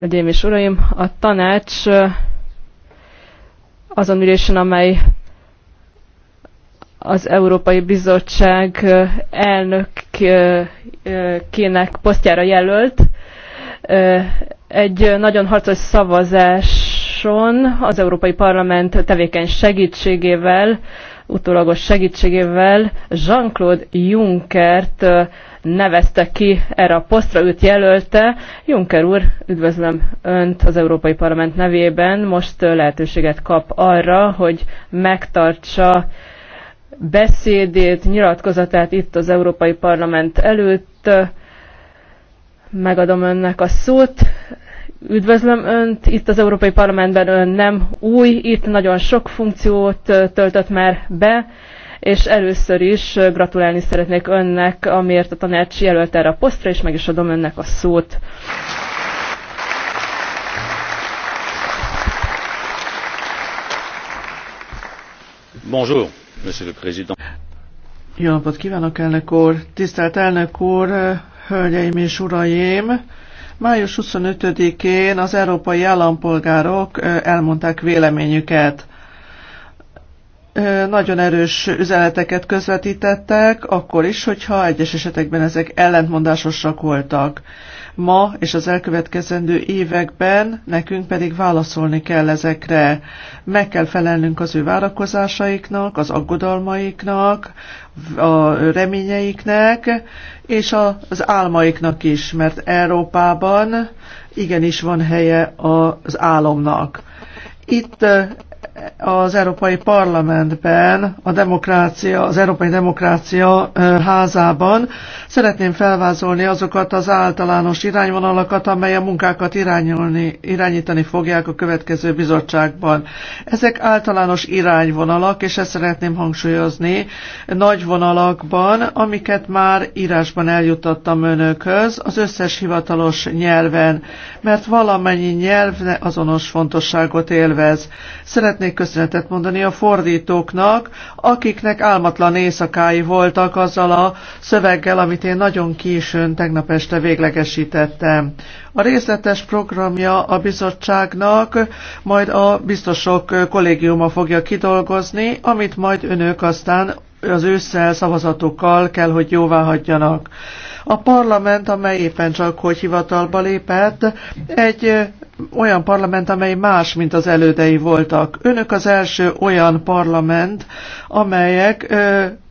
Hölgyeim és Uraim, a tanács azon ülésen, amely az Európai Bizottság elnökének posztjára jelölt, egy nagyon harcos szavazáson az Európai Parlament tevékeny segítségével, utólagos segítségével Jean-Claude Junckert nevezte ki erre a posztra, őt jelölte. Juncker úr, üdvözlöm Önt az Európai Parlament nevében. Most lehetőséget kap arra, hogy megtartsa beszédét, nyilatkozatát itt az Európai Parlament előtt. Megadom Önnek a szót. Üdvözlöm Önt, itt az Európai Parlamentben Ön nem új, itt nagyon sok funkciót töltött már be és először is gratulálni szeretnék önnek, amiért a tanács jelölt erre a posztra, és meg is adom önnek a szót. Bonjour, monsieur le président. Jó napot kívánok, elnök úr! Tisztelt elnök úr, hölgyeim és uraim! Május 25-én az európai állampolgárok elmondták véleményüket nagyon erős üzeneteket közvetítettek, akkor is, hogyha egyes esetekben ezek ellentmondásosak voltak. Ma és az elkövetkezendő években nekünk pedig válaszolni kell ezekre. Meg kell felelnünk az ő várakozásaiknak, az aggodalmaiknak, a reményeiknek, és az álmaiknak is, mert Európában igenis van helye az álomnak. Itt az Európai Parlamentben, a demokrácia, az Európai Demokrácia házában. Szeretném felvázolni azokat az általános irányvonalakat, amely a munkákat irányolni, irányítani fogják a következő bizottságban. Ezek általános irányvonalak, és ezt szeretném hangsúlyozni nagy vonalakban, amiket már írásban eljutottam önökhöz, az összes hivatalos nyelven, mert valamennyi nyelv azonos fontosságot élvez. Szeretném Szeretnék köszönetet mondani a fordítóknak, akiknek álmatlan éjszakái voltak azzal a szöveggel, amit én nagyon későn tegnap este véglegesítettem. A részletes programja a bizottságnak majd a biztosok kollégiuma fogja kidolgozni, amit majd önök aztán az ősszel szavazatokkal kell, hogy jóvá hagyjanak. A parlament, amely éppen csak hogy hivatalba lépett, egy olyan parlament, amely más, mint az elődei voltak. Önök az első olyan parlament, amelyek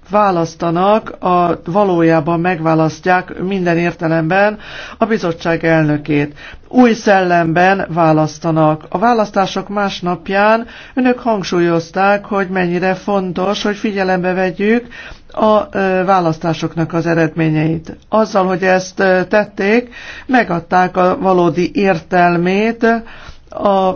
választanak, a, valójában megválasztják minden értelemben a bizottság elnökét. Új szellemben választanak. A választások másnapján önök hangsúlyozták, hogy mennyire fontos, hogy figyelembe vegyük a választásoknak az eredményeit. Azzal, hogy ezt tették, megadták a valódi értelmét, a,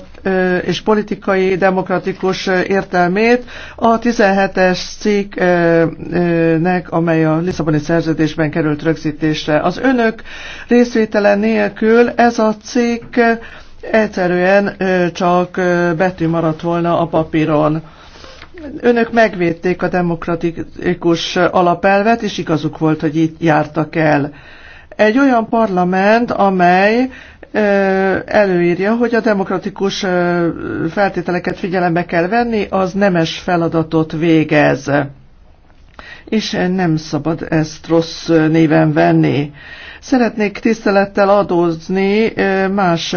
és politikai demokratikus értelmét a 17-es cikknek, amely a Lisszaboni szerződésben került rögzítésre. Az önök részvétele nélkül ez a cikk egyszerűen csak betű maradt volna a papíron. Önök megvédték a demokratikus alapelvet, és igazuk volt, hogy itt jártak el. Egy olyan parlament, amely előírja, hogy a demokratikus feltételeket figyelembe kell venni, az nemes feladatot végez és nem szabad ezt rossz néven venni. Szeretnék tisztelettel adózni más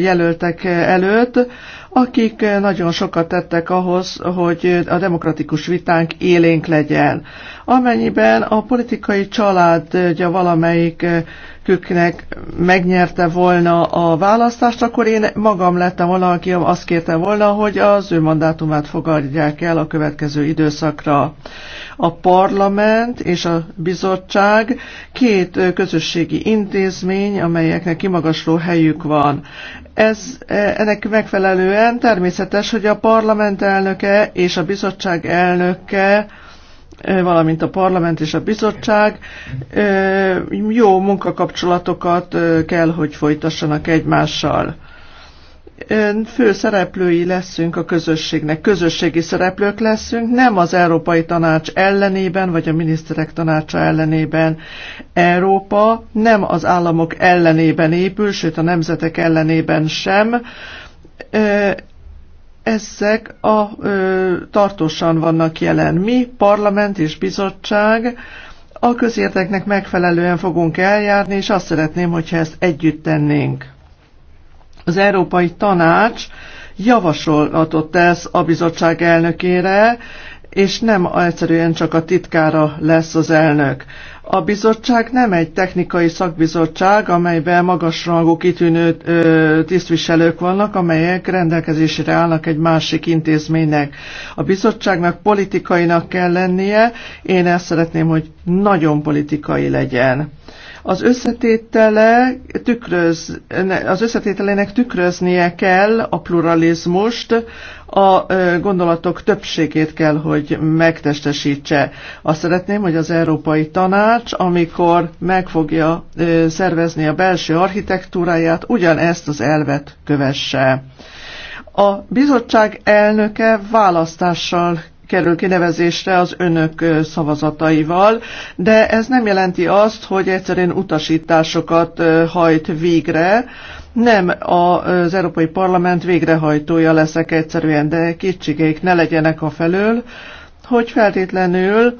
jelöltek előtt, akik nagyon sokat tettek ahhoz, hogy a demokratikus vitánk élénk legyen. Amennyiben a politikai családja valamelyik küknek megnyerte volna a választást, akkor én magam lettem volna, aki azt kérte volna, hogy az ő mandátumát fogadják el a következő időszakra. A parlament és a bizottság két közösségi intézmény, amelyeknek kimagasló helyük van. Ez, e, ennek megfelelően természetes, hogy a parlament elnöke és a bizottság elnöke e, valamint a parlament és a bizottság e, jó munkakapcsolatokat kell, hogy folytassanak egymással fő szereplői leszünk a közösségnek, közösségi szereplők leszünk, nem az Európai Tanács ellenében, vagy a miniszterek tanácsa ellenében. Európa nem az államok ellenében épül, sőt a nemzetek ellenében sem. Ezek a, tartósan vannak jelen. Mi, parlament és bizottság, a közérteknek megfelelően fogunk eljárni, és azt szeretném, hogyha ezt együtt tennénk az Európai Tanács javasolatot tesz a bizottság elnökére, és nem egyszerűen csak a titkára lesz az elnök. A bizottság nem egy technikai szakbizottság, amelyben magasrangú kitűnő ö, tisztviselők vannak, amelyek rendelkezésére állnak egy másik intézménynek. A bizottságnak politikainak kell lennie, én ezt szeretném, hogy nagyon politikai legyen. Az összetétele tükröz, az összetételének tükröznie kell a pluralizmust, a gondolatok többségét kell, hogy megtestesítse. Azt szeretném, hogy az Európai Tanács, amikor meg fogja szervezni a belső architektúráját, ugyanezt az elvet kövesse. A bizottság elnöke választással kerül kinevezésre az önök szavazataival, de ez nem jelenti azt, hogy egyszerűen utasításokat hajt végre, nem az Európai Parlament végrehajtója leszek egyszerűen, de kétségeik ne legyenek a felől, hogy feltétlenül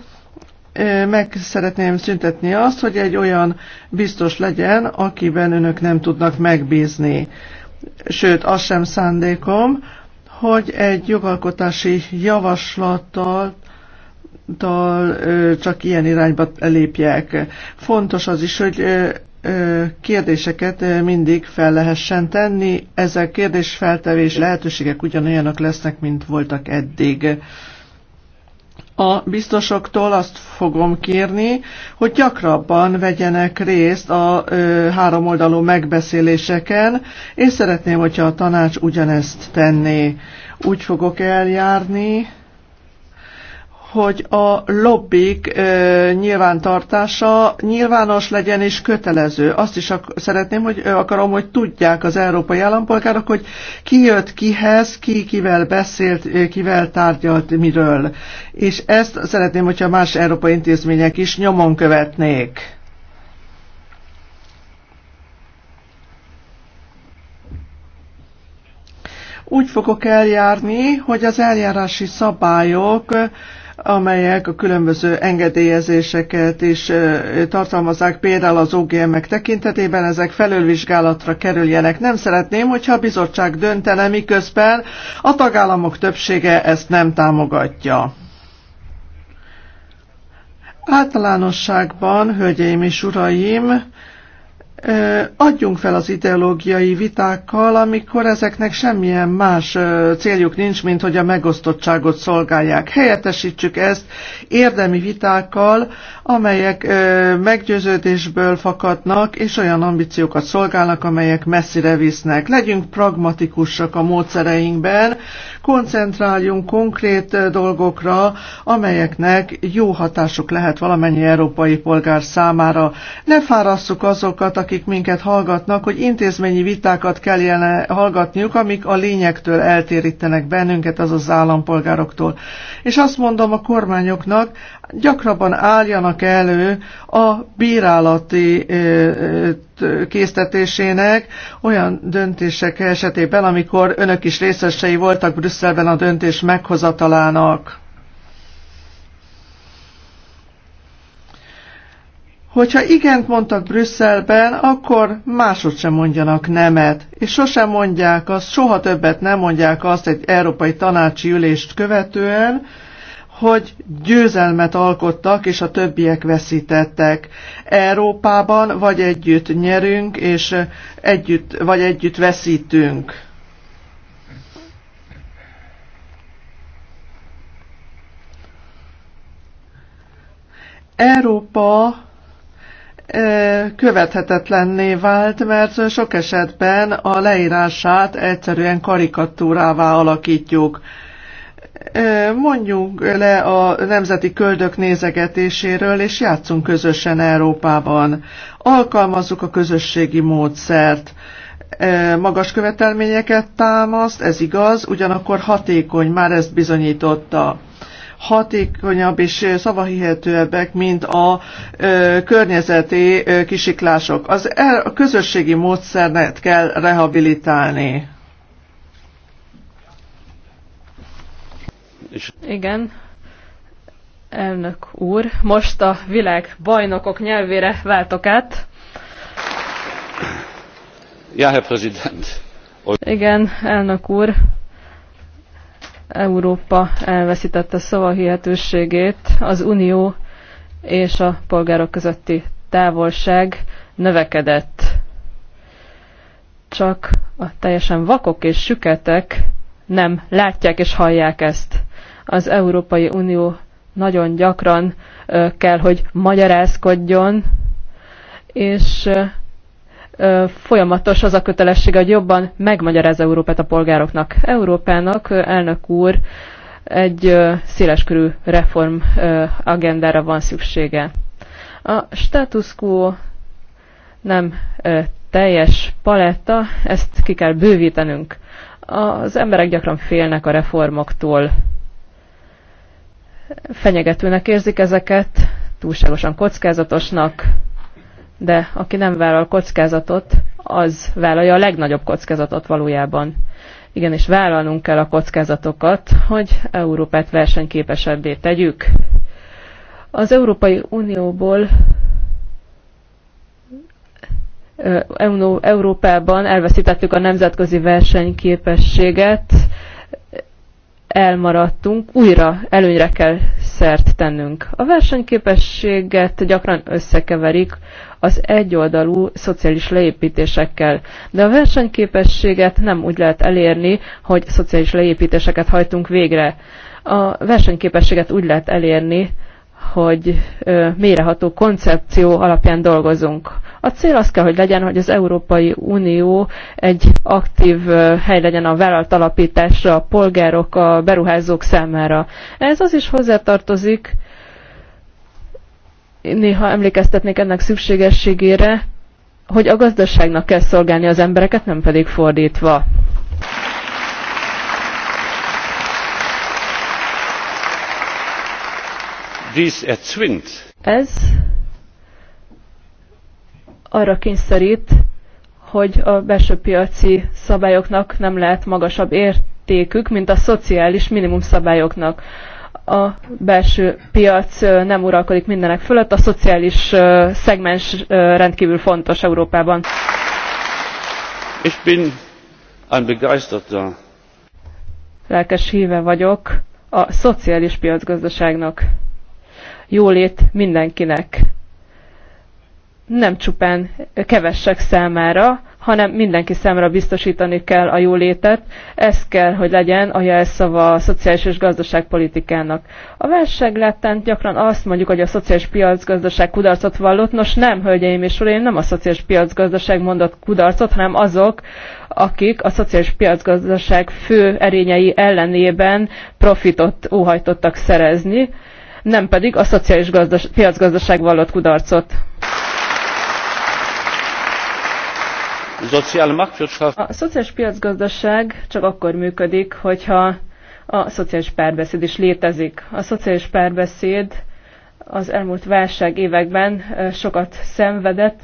meg szeretném szüntetni azt, hogy egy olyan biztos legyen, akiben önök nem tudnak megbízni. Sőt, az sem szándékom, hogy egy jogalkotási javaslattal tal csak ilyen irányba lépjek. Fontos az is, hogy kérdéseket mindig fel lehessen tenni. Ezek kérdésfeltevés lehetőségek ugyanolyanok lesznek, mint voltak eddig. A biztosoktól azt fogom kérni, hogy gyakrabban vegyenek részt a ö, háromoldalú megbeszéléseken, és szeretném, hogyha a tanács ugyanezt tenné. Úgy fogok eljárni, hogy a lobbik e, nyilvántartása nyilvános legyen és kötelező. Azt is ak- szeretném, hogy akarom, hogy tudják az európai állampolgárok, hogy ki jött kihez, ki kivel beszélt, ö, kivel tárgyalt, miről. És ezt szeretném, hogyha más európai intézmények is nyomon követnék. Úgy fogok eljárni, hogy az eljárási szabályok amelyek a különböző engedélyezéseket is tartalmazzák, például az OGM-ek tekintetében ezek felülvizsgálatra kerüljenek. Nem szeretném, hogyha a bizottság döntene, miközben a tagállamok többsége ezt nem támogatja. Általánosságban, hölgyeim és uraim, adjunk fel az ideológiai vitákkal, amikor ezeknek semmilyen más céljuk nincs, mint hogy a megosztottságot szolgálják. Helyettesítsük ezt érdemi vitákkal, amelyek meggyőződésből fakadnak, és olyan ambíciókat szolgálnak, amelyek messzire visznek. Legyünk pragmatikusak a módszereinkben, koncentráljunk konkrét dolgokra, amelyeknek jó hatásuk lehet valamennyi európai polgár számára. Ne fárasszuk azokat, akik minket hallgatnak, hogy intézményi vitákat kelljen hallgatniuk, amik a lényektől eltérítenek bennünket, azaz állampolgároktól. És azt mondom a kormányoknak, gyakrabban álljanak elő a bírálati késztetésének olyan döntések esetében, amikor önök is részesei voltak Brüsszelben a döntés meghozatalának. Hogyha igent mondtak Brüsszelben, akkor másod sem mondjanak nemet, és sosem mondják azt, soha többet nem mondják azt egy európai tanácsi ülést követően, hogy győzelmet alkottak, és a többiek veszítettek. Európában vagy együtt nyerünk, és együtt, vagy együtt veszítünk. Európa e, követhetetlenné vált, mert sok esetben a leírását egyszerűen karikatúrává alakítjuk. Mondjunk le a nemzeti köldök nézegetéséről, és játszunk közösen Európában. Alkalmazzuk a közösségi módszert. Magas követelményeket támaszt, ez igaz, ugyanakkor hatékony, már ezt bizonyította hatékonyabb és szavahihetőbbek, mint a ö, környezeti ö, kisiklások. Az el, a közösségi módszernet kell rehabilitálni. És... Igen, elnök úr, most a világ bajnokok nyelvére váltok át. Ja, Herr Präsident. Igen, elnök úr, Európa elveszítette szavahihetőségét, az Unió és a polgárok közötti távolság növekedett. Csak a teljesen vakok és süketek nem látják és hallják ezt. Az Európai Unió nagyon gyakran kell, hogy magyarázkodjon, és folyamatos az a kötelessége, hogy jobban megmagyaráz Európát a polgároknak. Európának, elnök úr, egy széleskörű reform agendára van szüksége. A status quo nem teljes paletta, ezt ki kell bővítenünk. Az emberek gyakran félnek a reformoktól fenyegetőnek érzik ezeket, túlságosan kockázatosnak, de aki nem vállal kockázatot, az vállalja a legnagyobb kockázatot valójában. Igenis vállalnunk kell a kockázatokat, hogy Európát versenyképesebbé tegyük. Az Európai Unióból Európában elveszítettük a nemzetközi versenyképességet, elmaradtunk, újra előnyre kell szert tennünk. A versenyképességet gyakran összekeverik az egyoldalú szociális leépítésekkel, de a versenyképességet nem úgy lehet elérni, hogy szociális leépítéseket hajtunk végre. A versenyképességet úgy lehet elérni, hogy méreható koncepció alapján dolgozunk. A cél az kell, hogy legyen, hogy az Európai Unió egy aktív hely legyen a vállalt alapításra, a polgárok, a beruházók számára. Ez az is hozzátartozik, néha emlékeztetnék ennek szükségességére, hogy a gazdaságnak kell szolgálni az embereket, nem pedig fordítva. Ez arra kényszerít, hogy a belső piaci szabályoknak nem lehet magasabb értékük, mint a szociális minimum szabályoknak. A belső piac nem uralkodik mindenek fölött, a szociális szegmens rendkívül fontos Európában. Ich bin ein begeisterter. Lelkes híve vagyok a szociális piacgazdaságnak jólét mindenkinek. Nem csupán kevesek számára, hanem mindenki számára biztosítani kell a jólétet. Ez kell, hogy legyen a jelszava a szociális és gazdaságpolitikának. A válság lettent gyakran azt mondjuk, hogy a szociális piacgazdaság kudarcot vallott. Nos nem, hölgyeim és uraim, nem a szociális piacgazdaság mondott kudarcot, hanem azok, akik a szociális piacgazdaság fő erényei ellenében profitot óhajtottak szerezni nem pedig a szociális gazdas- piacgazdaság vallott kudarcot. A szociális piacgazdaság csak akkor működik, hogyha a szociális párbeszéd is létezik. A szociális párbeszéd az elmúlt válság években sokat szenvedett,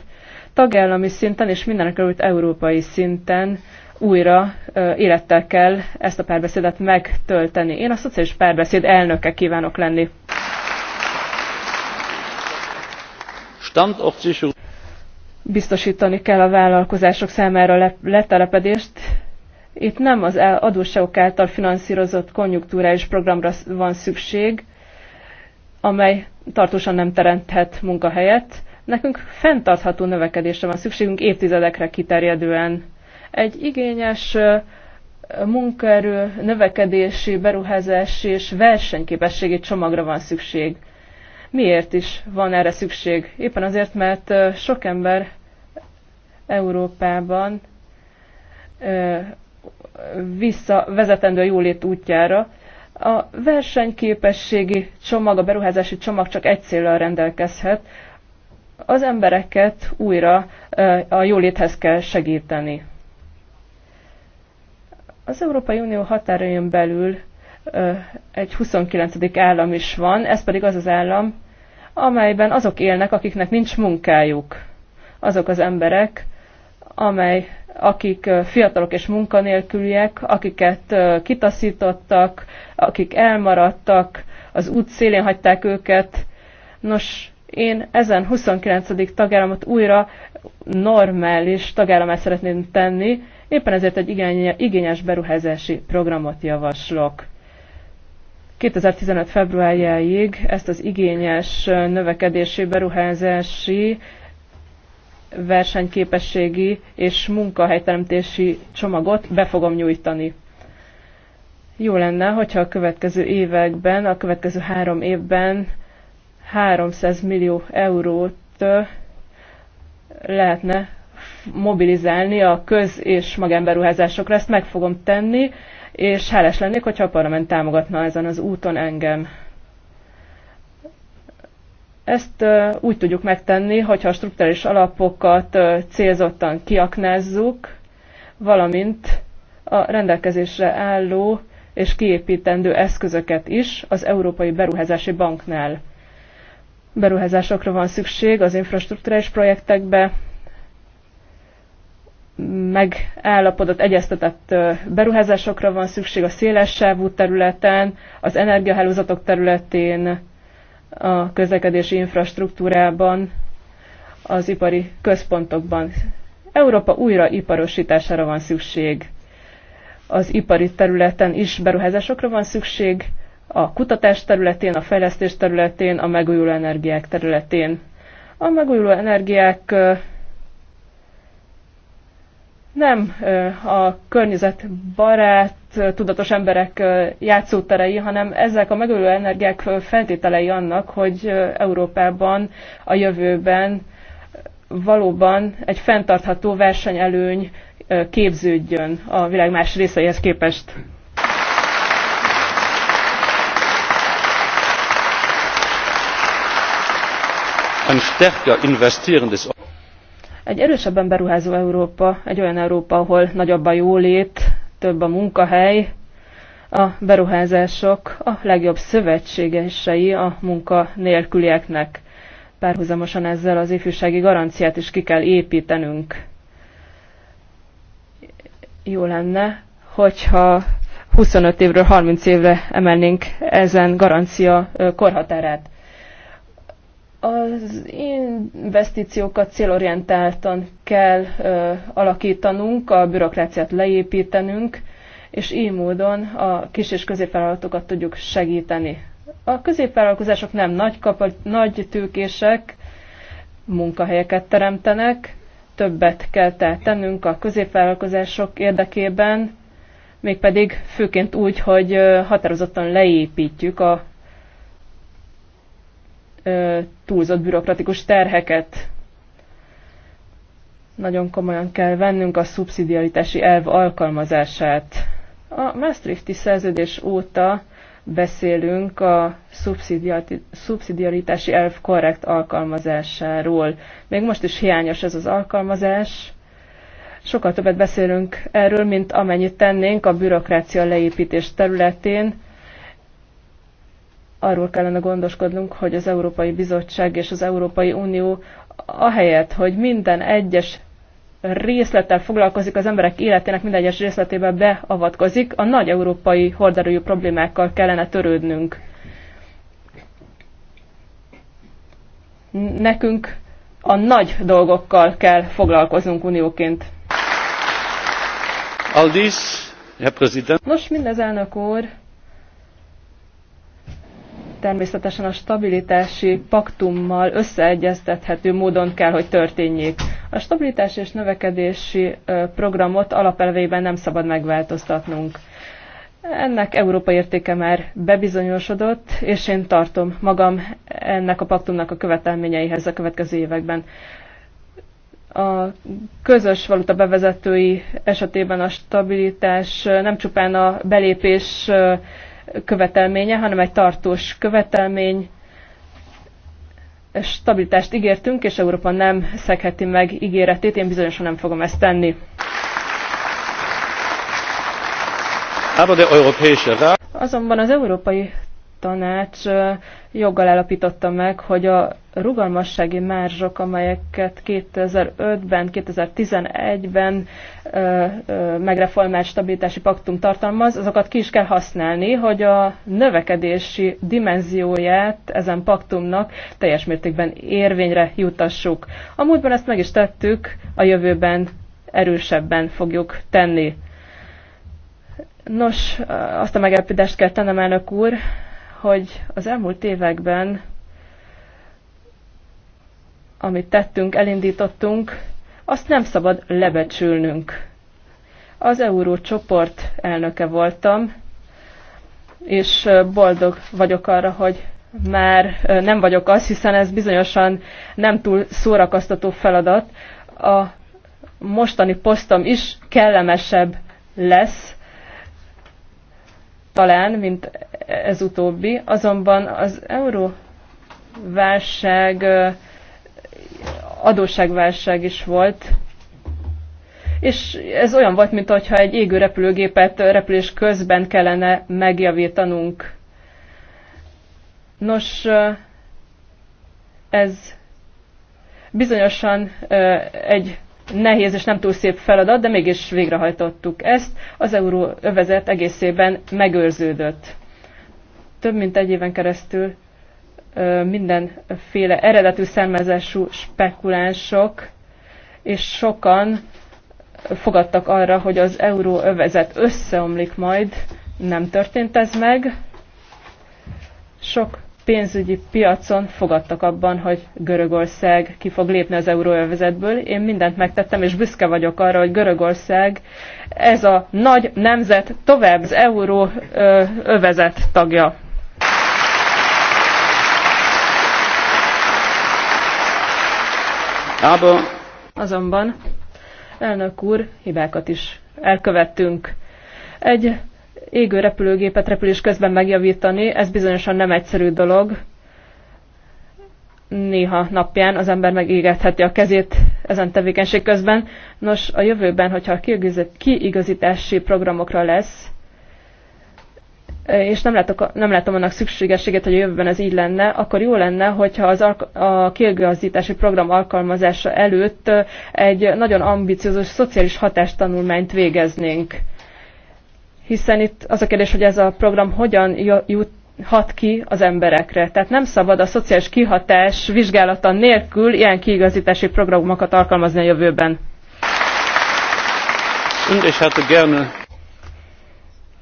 tagállami szinten és előtt európai szinten újra élettel kell ezt a párbeszédet megtölteni. Én a szociális párbeszéd elnöke kívánok lenni. Biztosítani kell a vállalkozások számára letelepedést. Itt nem az adósságok által finanszírozott konjunktúrális programra van szükség, amely tartósan nem teremthet munkahelyet. Nekünk fenntartható növekedésre van szükségünk évtizedekre kiterjedően. Egy igényes munkaerő növekedési, beruházási és versenyképességi csomagra van szükség. Miért is van erre szükség? Éppen azért, mert sok ember Európában vezetendő a jólét útjára. A versenyképességi csomag, a beruházási csomag csak egy célral rendelkezhet, az embereket újra a jóléthez kell segíteni. Az Európai Unió határain belül egy 29. állam is van, ez pedig az az állam, amelyben azok élnek, akiknek nincs munkájuk. Azok az emberek, amely, akik fiatalok és munkanélküliek, akiket kitaszítottak, akik elmaradtak, az út szélén hagyták őket. Nos, én ezen 29. tagállamot újra normális tagállamát szeretném tenni, éppen ezért egy igényes beruházási programot javaslok. 2015. februárjáig ezt az igényes növekedési beruházási versenyképességi és munkahelyteremtési csomagot be fogom nyújtani. Jó lenne, hogyha a következő években, a következő három évben 300 millió eurót lehetne mobilizálni a köz- és magánberuházásokra. Ezt meg fogom tenni, és hálás lennék, hogyha a parlament támogatna ezen az úton engem. Ezt úgy tudjuk megtenni, hogyha a strukturális alapokat célzottan kiaknázzuk, valamint a rendelkezésre álló és kiépítendő eszközöket is az Európai Beruházási Banknál. Beruházásokra van szükség az infrastruktúrális projektekbe, megállapodott, egyeztetett beruházásokra van szükség a sávú területen, az energiahálózatok területén, a közlekedési infrastruktúrában, az ipari központokban. Európa újra iparosítására van szükség. Az ipari területen is beruházásokra van szükség, a kutatás területén, a fejlesztés területén, a megújuló energiák területén. A megújuló energiák nem a környezetbarát, tudatos emberek játszóterei, hanem ezek a megölő energiák feltételei annak, hogy Európában a jövőben valóban egy fenntartható versenyelőny képződjön a világ más részeihez képest. Ein stärker investierendes egy erősebben beruházó Európa, egy olyan Európa, ahol nagyobb a jólét, több a munkahely, a beruházások a legjobb szövetségesei a munka nélkülieknek. Párhuzamosan ezzel az ifjúsági garanciát is ki kell építenünk. Jó lenne, hogyha 25 évről 30 évre emelnénk ezen garancia korhatárát. Az investíciókat célorientáltan kell ö, alakítanunk, a bürokráciát leépítenünk, és így módon a kis és középvállalatokat tudjuk segíteni. A középvállalkozások nem nagy, kapa, nagy tőkések, munkahelyeket teremtenek, többet kell tehát tennünk a középvállalkozások érdekében, mégpedig főként úgy, hogy határozottan leépítjük a túlzott bürokratikus terheket. Nagyon komolyan kell vennünk a szubszidiaritási elv alkalmazását. A Maastrichti szerződés óta beszélünk a szubszidiaritási elv korrekt alkalmazásáról. Még most is hiányos ez az alkalmazás. Sokkal többet beszélünk erről, mint amennyit tennénk a bürokrácia leépítés területén, arról kellene gondoskodnunk, hogy az Európai Bizottság és az Európai Unió ahelyett, hogy minden egyes részlettel foglalkozik, az emberek életének minden egyes részletébe beavatkozik, a nagy európai horderőjű problémákkal kellene törődnünk. Nekünk a nagy dolgokkal kell foglalkoznunk unióként. Aldis, Herr Nos, mindez elnök úr, természetesen a stabilitási paktummal összeegyeztethető módon kell, hogy történjék. A stabilitási és növekedési programot alapelveiben nem szabad megváltoztatnunk. Ennek Európa értéke már bebizonyosodott, és én tartom magam ennek a paktumnak a követelményeihez a következő években. A közös valuta bevezetői esetében a stabilitás nem csupán a belépés követelménye, hanem egy tartós követelmény. Stabilitást ígértünk, és Európa nem szegheti meg ígéretét. Én bizonyosan nem fogom ezt tenni. Azonban az Európai tanács joggal állapította meg, hogy a rugalmassági márzsok, amelyeket 2005-ben, 2011-ben megreformált stabilitási paktum tartalmaz, azokat ki is kell használni, hogy a növekedési dimenzióját ezen paktumnak teljes mértékben érvényre jutassuk. A múltban ezt meg is tettük, a jövőben erősebben fogjuk tenni. Nos, azt a megállapítást kell tennem, elnök úr, hogy az elmúlt években, amit tettünk, elindítottunk, azt nem szabad lebecsülnünk. Az csoport elnöke voltam, és boldog vagyok arra, hogy már nem vagyok az, hiszen ez bizonyosan nem túl szórakoztató feladat. A mostani posztom is kellemesebb lesz, talán, mint ez utóbbi, azonban az euróválság adósságválság is volt, és ez olyan volt, mint hogyha egy égő repülőgépet repülés közben kellene megjavítanunk. Nos, ez bizonyosan egy nehéz és nem túl szép feladat, de mégis végrehajtottuk ezt. Az euróövezet egészében megőrződött. Több mint egy éven keresztül mindenféle eredetű származású spekulánsok, és sokan fogadtak arra, hogy az euróövezet összeomlik majd, nem történt ez meg. Sok pénzügyi piacon fogadtak abban, hogy Görögország ki fog lépni az euróövezetből. Én mindent megtettem, és büszke vagyok arra, hogy Görögország ez a nagy nemzet tovább az euróövezet tagja. Aber Azonban, elnök úr, hibákat is elkövettünk. Egy égő repülőgépet repülés közben megjavítani, ez bizonyosan nem egyszerű dolog. Néha napján az ember megégetheti a kezét ezen tevékenység közben. Nos, a jövőben, hogyha a kiigazítási programokra lesz, és nem, látok, nem látom annak szükségességét, hogy a jövőben ez így lenne, akkor jó lenne, hogyha az a kiegazítási program alkalmazása előtt egy nagyon ambiciózus szociális hatástanulmányt végeznénk hiszen itt az a kérdés, hogy ez a program hogyan jut hat ki az emberekre. Tehát nem szabad a szociális kihatás vizsgálata nélkül ilyen kiigazítási programokat alkalmazni a jövőben. Hát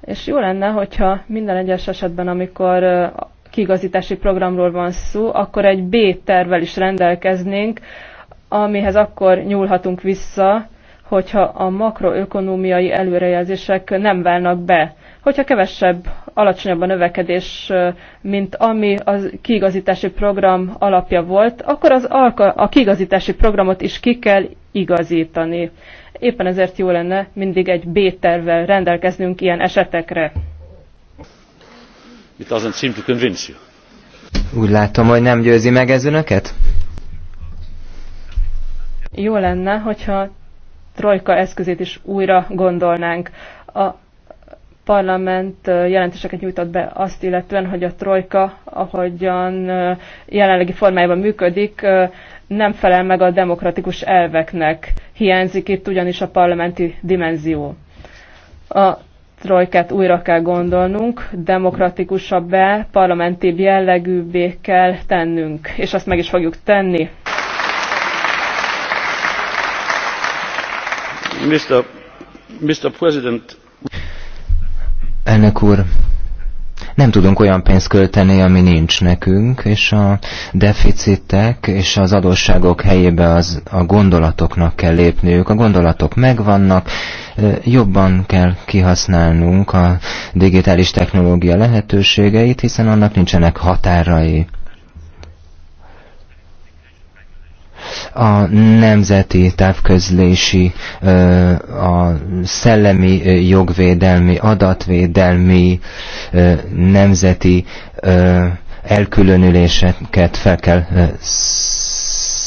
és jó lenne, hogyha minden egyes esetben, amikor kiigazítási programról van szó, akkor egy B tervel is rendelkeznénk, amihez akkor nyúlhatunk vissza, hogyha a makroökonómiai előrejelzések nem válnak be, hogyha kevesebb, alacsonyabb a növekedés, mint ami a kiigazítási program alapja volt, akkor az a kiigazítási programot is ki kell igazítani. Éppen ezért jó lenne mindig egy B-tervvel rendelkeznünk ilyen esetekre. It doesn't seem to convince you. Úgy látom, hogy nem győzi meg ez önöket? Jó lenne, hogyha trojka eszközét is újra gondolnánk. A parlament jelentéseket nyújtott be azt illetően, hogy a trojka, ahogyan jelenlegi formájában működik, nem felel meg a demokratikus elveknek. Hiányzik itt ugyanis a parlamenti dimenzió. A trojkát újra kell gondolnunk, demokratikusabbá, parlamenti jellegűbbé kell tennünk, és azt meg is fogjuk tenni. Elnök úr, nem tudunk olyan pénzt költeni, ami nincs nekünk, és a deficitek és az adósságok helyébe az, a gondolatoknak kell lépniük. A gondolatok megvannak, jobban kell kihasználnunk a digitális technológia lehetőségeit, hiszen annak nincsenek határai. a nemzeti távközlési, a szellemi jogvédelmi, adatvédelmi, nemzeti elkülönüléseket fel kell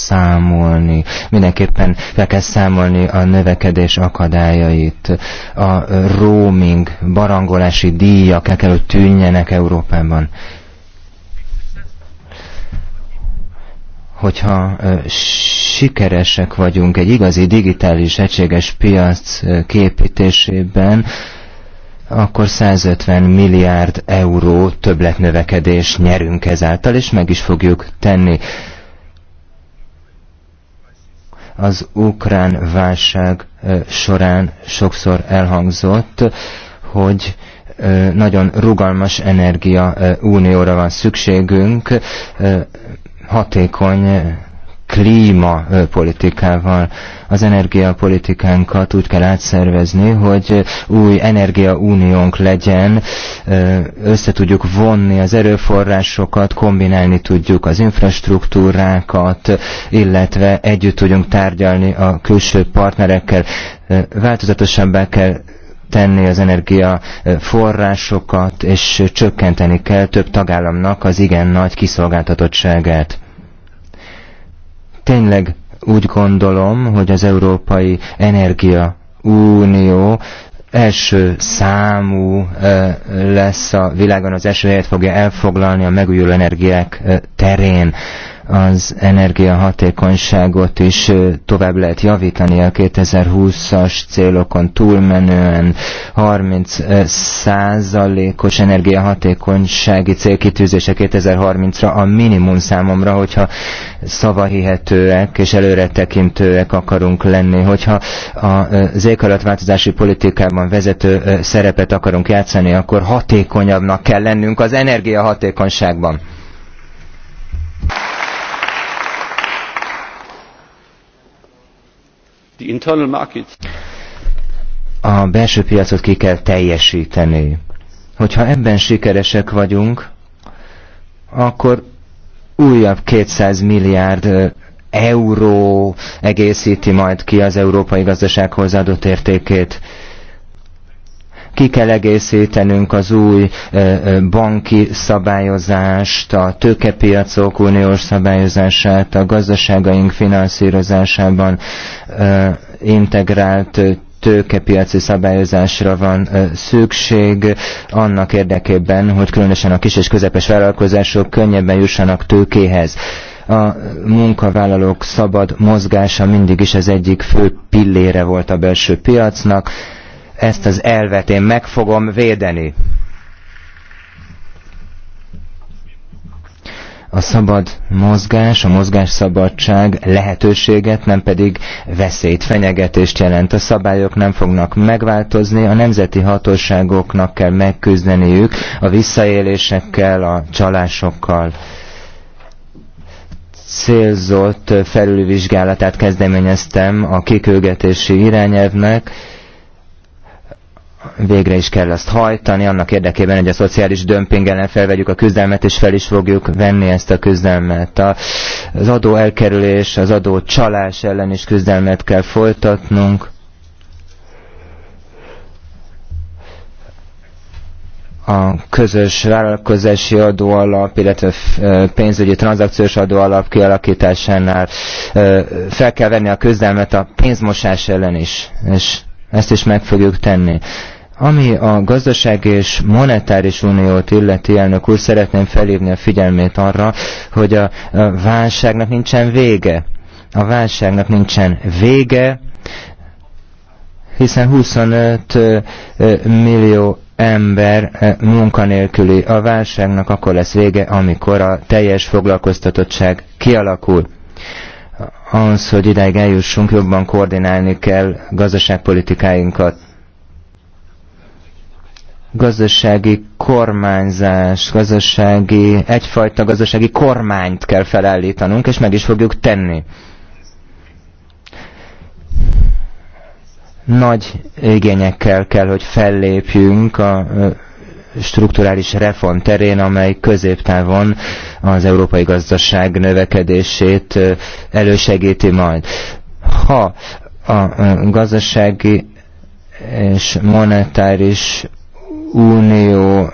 számolni. Mindenképpen fel kell számolni a növekedés akadályait. A roaming, barangolási díjak el kell, hogy tűnjenek Európában. hogyha sikeresek vagyunk egy igazi digitális egységes piac képítésében, akkor 150 milliárd euró többletnövekedés nyerünk ezáltal, és meg is fogjuk tenni. Az ukrán válság során sokszor elhangzott, hogy nagyon rugalmas energia unióra van szükségünk, hatékony eh, klímapolitikával. Eh, az energiapolitikánkat úgy kell átszervezni, hogy eh, új energiauniónk legyen, össze tudjuk vonni az erőforrásokat, kombinálni tudjuk az infrastruktúrákat, illetve együtt tudjunk tárgyalni a külső partnerekkel. Változatosabbá kell tenni az energia forrásokat, és csökkenteni kell több tagállamnak az igen nagy kiszolgáltatottságát. Tényleg úgy gondolom, hogy az Európai Energia Unió első számú lesz a világon, az első helyet fogja elfoglalni a megújuló energiák terén az energiahatékonyságot is tovább lehet javítani a 2020-as célokon túlmenően 30 százalékos energiahatékonysági célkitűzése 2030-ra a minimum számomra, hogyha szavahihetőek és előretekintőek akarunk lenni, hogyha az éghajlatváltozási politikában vezető szerepet akarunk játszani, akkor hatékonyabbnak kell lennünk az energiahatékonyságban. The internal market. A belső piacot ki kell teljesíteni. Hogyha ebben sikeresek vagyunk, akkor újabb 200 milliárd euró egészíti majd ki az európai gazdasághoz adott értékét. Ki kell egészítenünk az új banki szabályozást, a tőkepiacok uniós szabályozását, a gazdaságaink finanszírozásában integrált tőkepiaci szabályozásra van szükség annak érdekében, hogy különösen a kis és közepes vállalkozások könnyebben jussanak tőkéhez. A munkavállalók szabad mozgása mindig is az egyik fő pillére volt a belső piacnak, ezt az elvet én meg fogom védeni. a szabad mozgás, a mozgásszabadság lehetőséget, nem pedig veszélyt, fenyegetést jelent. A szabályok nem fognak megváltozni, a nemzeti hatóságoknak kell megküzdeniük a visszaélésekkel, a csalásokkal célzott felülvizsgálatát kezdeményeztem a kikőgetési irányelvnek, végre is kell azt hajtani, annak érdekében, hogy a szociális dömping ellen felvegyük a küzdelmet, és fel is fogjuk venni ezt a küzdelmet. A, az adó elkerülés, az adó csalás ellen is küzdelmet kell folytatnunk. a közös vállalkozási adóalap, illetve pénzügyi tranzakciós adóalap kialakításánál fel kell venni a küzdelmet a pénzmosás ellen is, és ezt is meg fogjuk tenni. Ami a gazdaság és monetáris uniót illeti elnök úr, szeretném felhívni a figyelmét arra, hogy a válságnak nincsen vége. A válságnak nincsen vége, hiszen 25 millió ember munkanélküli. A válságnak akkor lesz vége, amikor a teljes foglalkoztatottság kialakul. Ahhoz, hogy ideig eljussunk, jobban koordinálni kell gazdaságpolitikáinkat gazdasági kormányzás, gazdasági, egyfajta gazdasági kormányt kell felállítanunk, és meg is fogjuk tenni. Nagy igényekkel kell, hogy fellépjünk a strukturális reform terén, amely középtávon az európai gazdaság növekedését elősegíti majd. Ha a gazdasági és monetáris Unió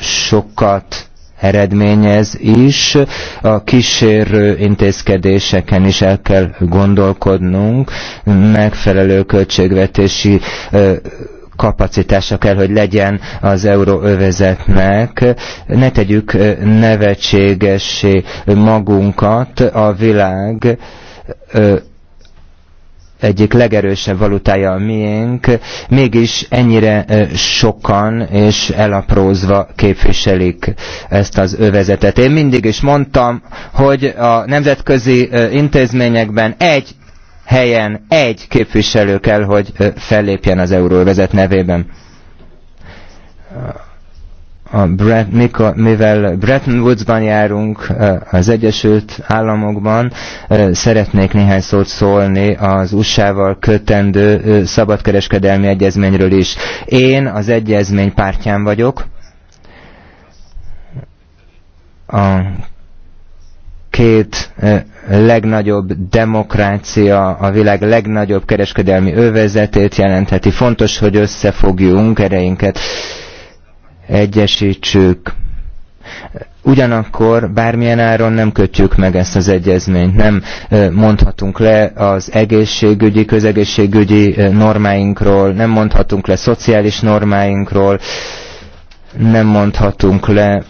sokat eredményez is. A kísérő intézkedéseken is el kell gondolkodnunk, megfelelő költségvetési kapacitása kell, hogy legyen az euróövezetnek. Ne tegyük nevetségessé magunkat a világ egyik legerősebb valutája a miénk, mégis ennyire sokan és elaprózva képviselik ezt az övezetet. Én mindig is mondtam, hogy a nemzetközi intézményekben egy helyen egy képviselő kell, hogy fellépjen az euróvezet nevében a Brett, mikor, mivel Bretton Woodsban járunk az Egyesült Államokban, szeretnék néhány szót szólni az USA-val kötendő szabadkereskedelmi egyezményről is. Én az egyezmény pártján vagyok. A két legnagyobb demokrácia, a világ legnagyobb kereskedelmi övezetét jelentheti. Fontos, hogy összefogjunk ereinket egyesítsük. Ugyanakkor bármilyen áron nem kötjük meg ezt az egyezményt, nem mondhatunk le az egészségügyi, közegészségügyi normáinkról, nem mondhatunk le szociális normáinkról, nem mondhatunk le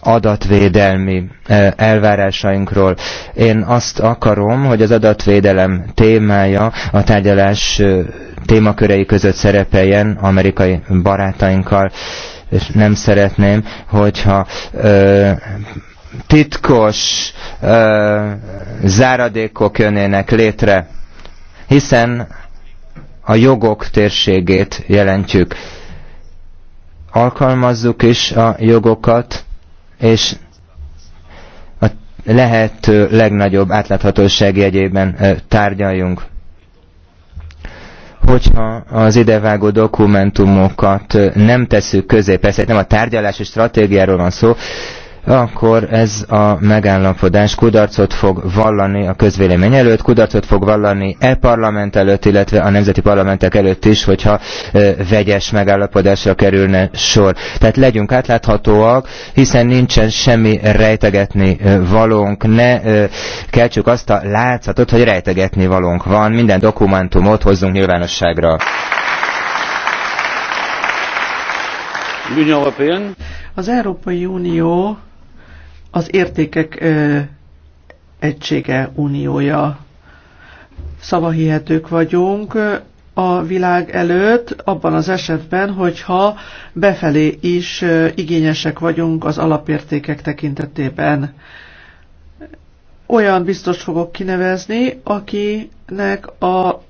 adatvédelmi eh, elvárásainkról. Én azt akarom, hogy az adatvédelem témája a tárgyalás eh, témakörei között szerepeljen amerikai barátainkkal, és nem szeretném, hogyha ö, eh, titkos ö, záradékok jönnének létre, hiszen a jogok térségét jelentjük. Alkalmazzuk is a jogokat, és a lehető legnagyobb átláthatóság jegyében tárgyaljunk. Hogyha az idevágó dokumentumokat nem tesszük közé, persze nem a tárgyalási stratégiáról van szó, akkor ez a megállapodás kudarcot fog vallani a közvélemény előtt, kudarcot fog vallani e parlament előtt, illetve a nemzeti parlamentek előtt is, hogyha vegyes megállapodásra kerülne sor. Tehát legyünk átláthatóak, hiszen nincsen semmi rejtegetni valónk, ne keltsük azt a látszatot, hogy rejtegetni valónk van, minden dokumentumot hozzunk nyilvánosságra. Az Európai Unió az értékek egysége, uniója. Szavahihetők vagyunk a világ előtt, abban az esetben, hogyha befelé is igényesek vagyunk az alapértékek tekintetében. Olyan biztos fogok kinevezni, akinek a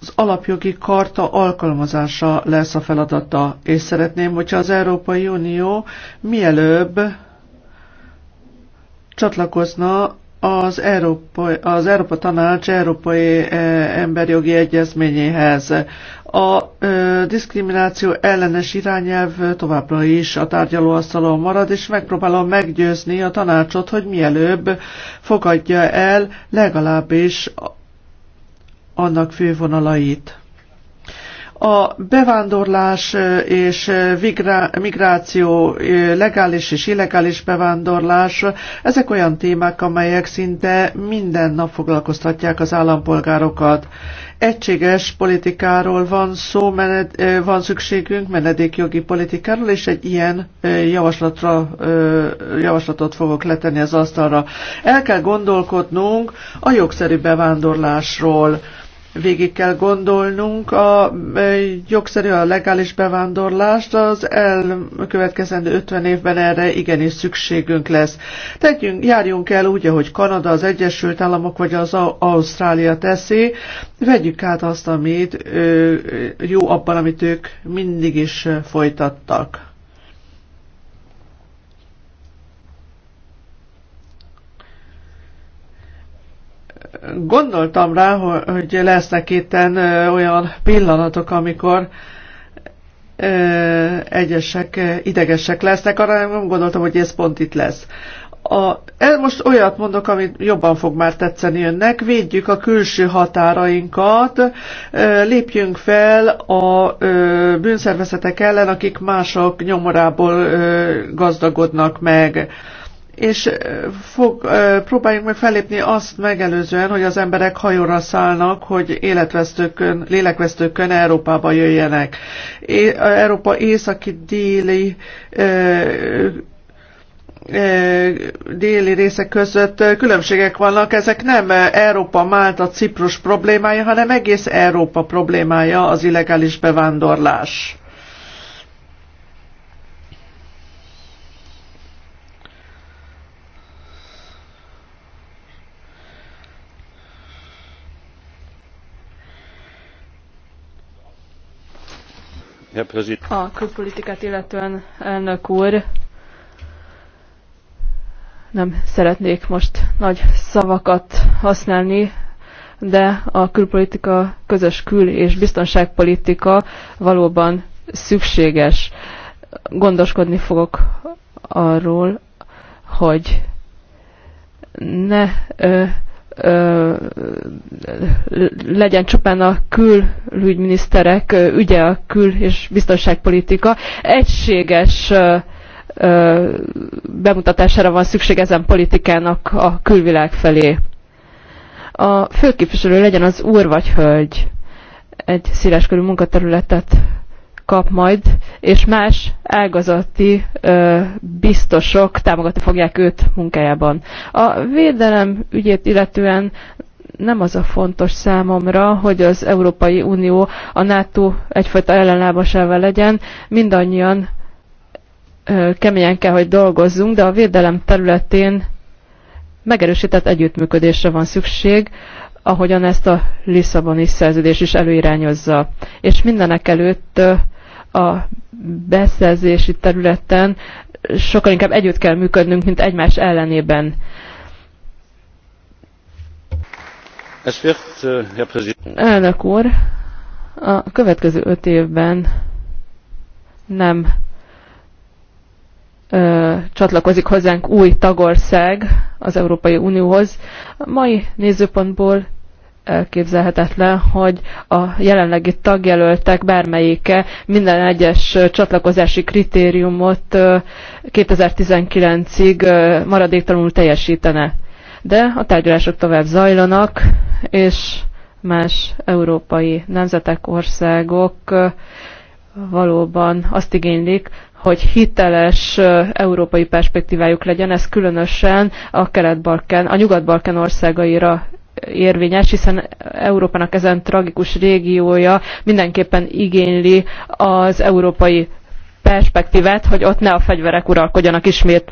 az alapjogi karta alkalmazása lesz a feladata, és szeretném, hogyha az Európai Unió mielőbb csatlakozna az Európa, az Európa Tanács Európai eh, Emberjogi Egyezményéhez. A ö, eh, diszkrimináció ellenes irányelv továbbra is a tárgyalóasztalon marad, és megpróbálom meggyőzni a tanácsot, hogy mielőbb fogadja el legalábbis annak fővonalait. A bevándorlás és migráció, legális és illegális bevándorlás, ezek olyan témák, amelyek szinte minden nap foglalkoztatják az állampolgárokat. Egységes politikáról van szó, mened, van szükségünk menedékjogi politikáról, és egy ilyen javaslatra, javaslatot fogok letenni az asztalra. El kell gondolkodnunk a jogszerű bevándorlásról Végig kell gondolnunk a jogszerű, a legális bevándorlást, az elkövetkezendő 50 évben erre igenis szükségünk lesz. Tegyünk, járjunk el úgy, ahogy Kanada, az Egyesült Államok vagy az Ausztrália teszi, vegyük át azt, amit jó abban, amit ők mindig is folytattak. gondoltam rá, hogy lesznek itten olyan pillanatok, amikor egyesek idegesek lesznek, arra nem gondoltam, hogy ez pont itt lesz. A, e, most olyat mondok, amit jobban fog már tetszeni önnek, védjük a külső határainkat, lépjünk fel a bűnszervezetek ellen, akik mások nyomorából gazdagodnak meg és fog, próbáljunk meg fellépni azt megelőzően, hogy az emberek hajóra szállnak, hogy életvesztőkön, lélekvesztőkön Európába jöjjenek. É, Európa északi déli déli részek között különbségek vannak. Ezek nem Európa, Málta, Ciprus problémája, hanem egész Európa problémája az illegális bevándorlás. A külpolitikát illetően elnök úr, nem szeretnék most nagy szavakat használni, de a külpolitika, közös kül- és biztonságpolitika valóban szükséges. Gondoskodni fogok arról, hogy ne ö, legyen csupán a külügyminiszterek ügye a kül- és biztonságpolitika. Egységes bemutatására van szükség ezen politikának a külvilág felé. A főképviselő legyen az úr vagy hölgy. Egy széleskörű munkaterületet kap majd, és más ágazati ö, biztosok támogatni fogják őt munkájában. A védelem ügyét illetően nem az a fontos számomra, hogy az Európai Unió a NATO egyfajta ellenlábasával legyen. Mindannyian ö, keményen kell, hogy dolgozzunk, de a védelem területén megerősített együttműködésre van szükség, ahogyan ezt a Lisszaboni szerződés is előirányozza. És mindenek előtt a beszerzési területen sokkal inkább együtt kell működnünk, mint egymás ellenében. Äh, Elnök úr, a következő öt évben nem ö, csatlakozik hozzánk új tagország az Európai Unióhoz. A mai nézőpontból elképzelhetetlen, hogy a jelenlegi tagjelöltek bármelyike minden egyes csatlakozási kritériumot 2019-ig maradéktalanul teljesítene. De a tárgyalások tovább zajlanak, és más európai nemzetek, országok valóban azt igénylik, hogy hiteles európai perspektívájuk legyen, ez különösen a kelet-balkán, a nyugat-balkán országaira érvényes, hiszen Európának ezen tragikus régiója mindenképpen igényli az európai perspektívát, hogy ott ne a fegyverek uralkodjanak ismét.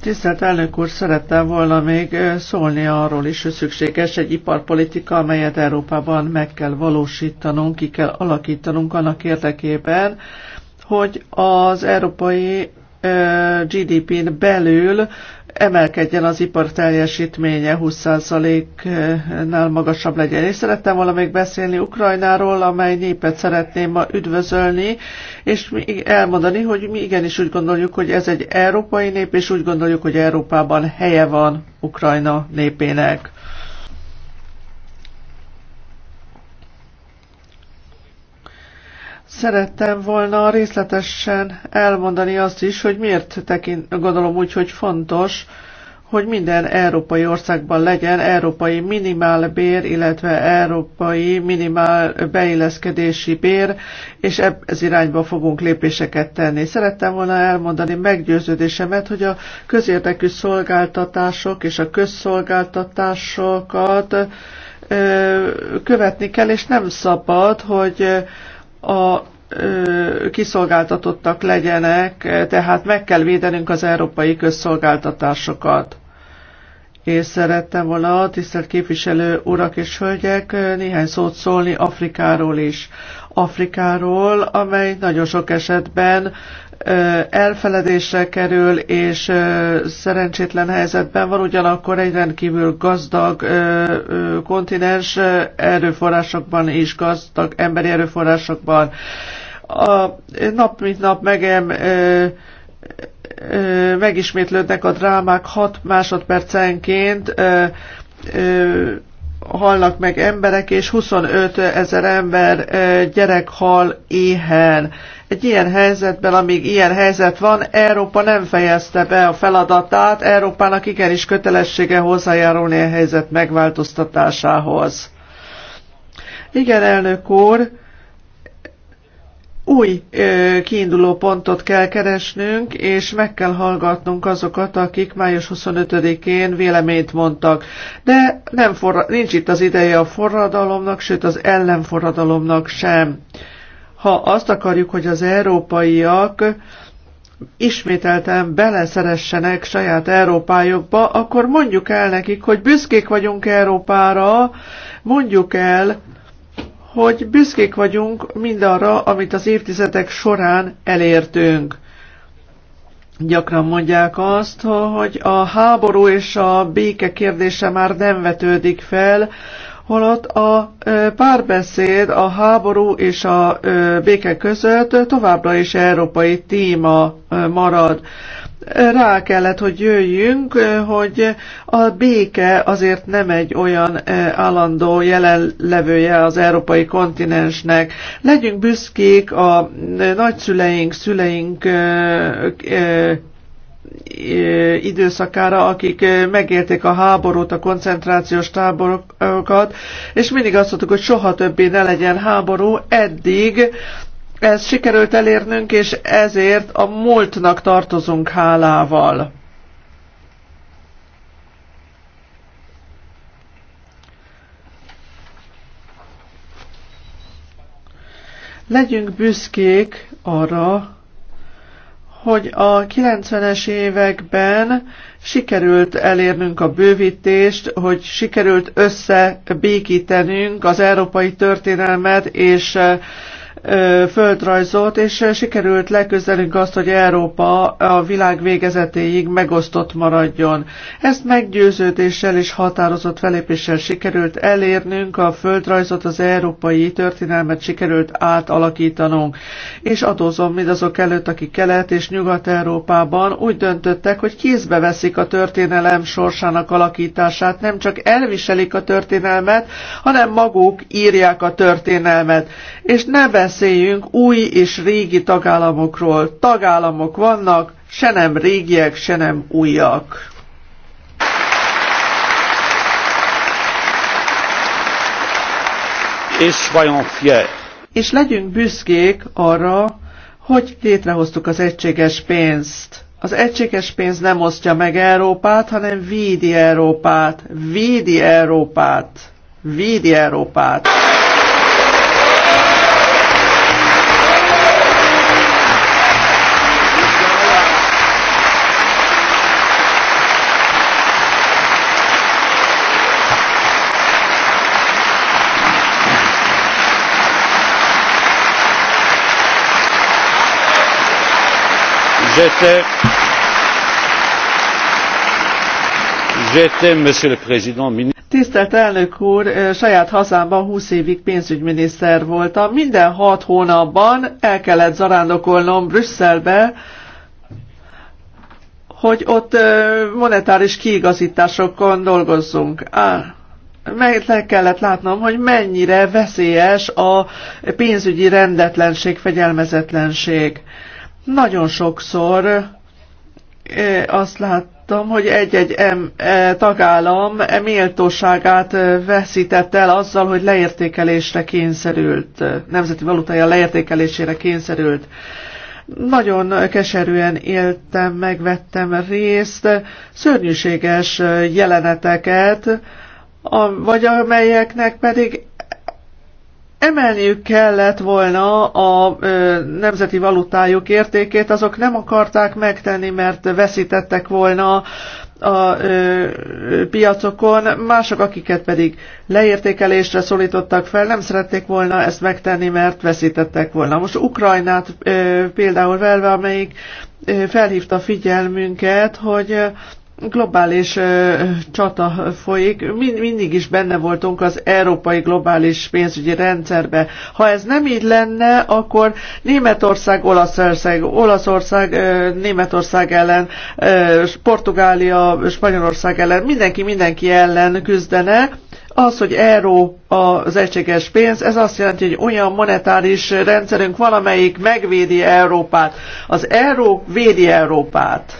Tisztelt elnök úr, szerettem volna még szólni arról is, hogy szükséges egy iparpolitika, amelyet Európában meg kell valósítanunk, ki kell alakítanunk annak érdekében, hogy az európai GDP-n belül emelkedjen az ipar teljesítménye 20%-nál magasabb legyen. És szerettem volna még beszélni Ukrajnáról, amely népet szeretném ma üdvözölni, és elmondani, hogy mi igenis úgy gondoljuk, hogy ez egy európai nép, és úgy gondoljuk, hogy Európában helye van Ukrajna népének. Szerettem volna részletesen elmondani azt is, hogy miért tekint, gondolom úgy, hogy fontos, hogy minden európai országban legyen európai bér, illetve európai minimál beilleszkedési bér, és ez irányba fogunk lépéseket tenni. Szerettem volna elmondani meggyőződésemet, hogy a közérdekű szolgáltatások és a közszolgáltatásokat követni kell, és nem szabad, hogy a kiszolgáltatottak legyenek, tehát meg kell védenünk az európai közszolgáltatásokat. És szerettem volna a tisztelt képviselő urak és hölgyek néhány szót szólni Afrikáról is. Afrikáról, amely nagyon sok esetben elfeledésre kerül, és szerencsétlen helyzetben van, ugyanakkor egy rendkívül gazdag kontinens erőforrásokban is gazdag, emberi erőforrásokban. A nap mint nap megem megismétlődnek a drámák 6 másodpercenként halnak meg emberek, és 25 ezer ember gyerek hal éhen. Egy ilyen helyzetben, amíg ilyen helyzet van, Európa nem fejezte be a feladatát, Európának igenis kötelessége hozzájárulni a helyzet megváltoztatásához. Igen, elnök úr, új kiinduló pontot kell keresnünk, és meg kell hallgatnunk azokat, akik május 25-én véleményt mondtak. De nem forra, nincs itt az ideje a forradalomnak, sőt az ellenforradalomnak sem. Ha azt akarjuk, hogy az európaiak ismételten beleszeressenek saját Európájukba, akkor mondjuk el nekik, hogy büszkék vagyunk Európára, mondjuk el, hogy büszkék vagyunk mindarra, amit az évtizedek során elértünk. Gyakran mondják azt, hogy a háború és a béke kérdése már nem vetődik fel, holott a párbeszéd a háború és a béke között továbbra is európai téma marad rá kellett, hogy jöjjünk, eh, hogy a béke azért nem egy olyan eh, állandó jelenlevője az európai kontinensnek. Legyünk büszkék a eh, nagyszüleink, szüleink időszakára, akik megérték a háborút, a koncentrációs táborokat, és mindig azt mondtuk, hogy soha többé ne legyen háború, eddig ezt sikerült elérnünk, és ezért a múltnak tartozunk hálával. Legyünk büszkék arra, hogy a 90-es években sikerült elérnünk a bővítést, hogy sikerült összebékítenünk az európai történelmet és földrajzot, és sikerült leközelünk azt, hogy Európa a világ végezetéig megosztott maradjon. Ezt meggyőződéssel és határozott felépéssel sikerült elérnünk, a földrajzot, az európai történelmet sikerült átalakítanunk. És adózom mindazok előtt, akik Kelet és Nyugat-Európában úgy döntöttek, hogy kézbe veszik a történelem sorsának alakítását, nem csak elviselik a történelmet, hanem maguk írják a történelmet, és ne vesz beszéljünk új és régi tagállamokról. Tagállamok vannak, se nem régiek, se nem újak. És vajon És legyünk büszkék arra, hogy létrehoztuk az egységes pénzt. Az egységes pénz nem osztja meg Európát, hanem védi Európát, védi Európát, védi Európát. Tisztelt elnök úr, saját hazámban 20 évig pénzügyminiszter voltam. Minden hat hónapban el kellett zarándokolnom Brüsszelbe, hogy ott monetáris kiigazításokon dolgozzunk. meg kellett látnom, hogy mennyire veszélyes a pénzügyi rendetlenség, fegyelmezetlenség. Nagyon sokszor azt láttam, hogy egy-egy tagállam méltóságát veszített el azzal, hogy leértékelésre kényszerült, nemzeti valutája leértékelésére kényszerült nagyon keserűen éltem, megvettem részt, szörnyűséges jeleneteket, vagy amelyeknek pedig Emelniük kellett volna a ö, nemzeti valutájuk értékét, azok nem akarták megtenni, mert veszítettek volna a ö, piacokon, mások, akiket pedig leértékelésre szólítottak fel, nem szerették volna ezt megtenni, mert veszítettek volna. Most Ukrajnát ö, például velve, amelyik ö, felhívta figyelmünket, hogy ö, globális ö, csata folyik, Mind, mindig is benne voltunk az európai globális pénzügyi rendszerbe. Ha ez nem így lenne, akkor Németország, Olaszország, Olaszország, ö, Németország ellen, ö, Portugália, Spanyolország ellen, mindenki mindenki ellen küzdene, az, hogy euró az egységes pénz, ez azt jelenti, hogy olyan monetáris rendszerünk valamelyik megvédi Európát. Az euró védi Európát.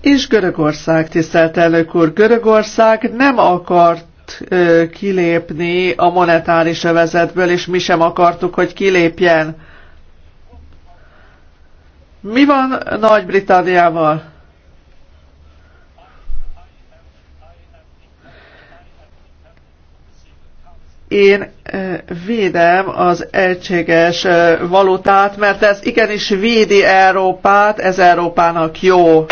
És Görögország, tisztelt elnök úr, Görögország nem akart kilépni a monetáris övezetből, és mi sem akartuk, hogy kilépjen. Mi van Nagy-Britanniával? én védem az egységes valutát, mert ez igenis védi Európát, ez Európának jó.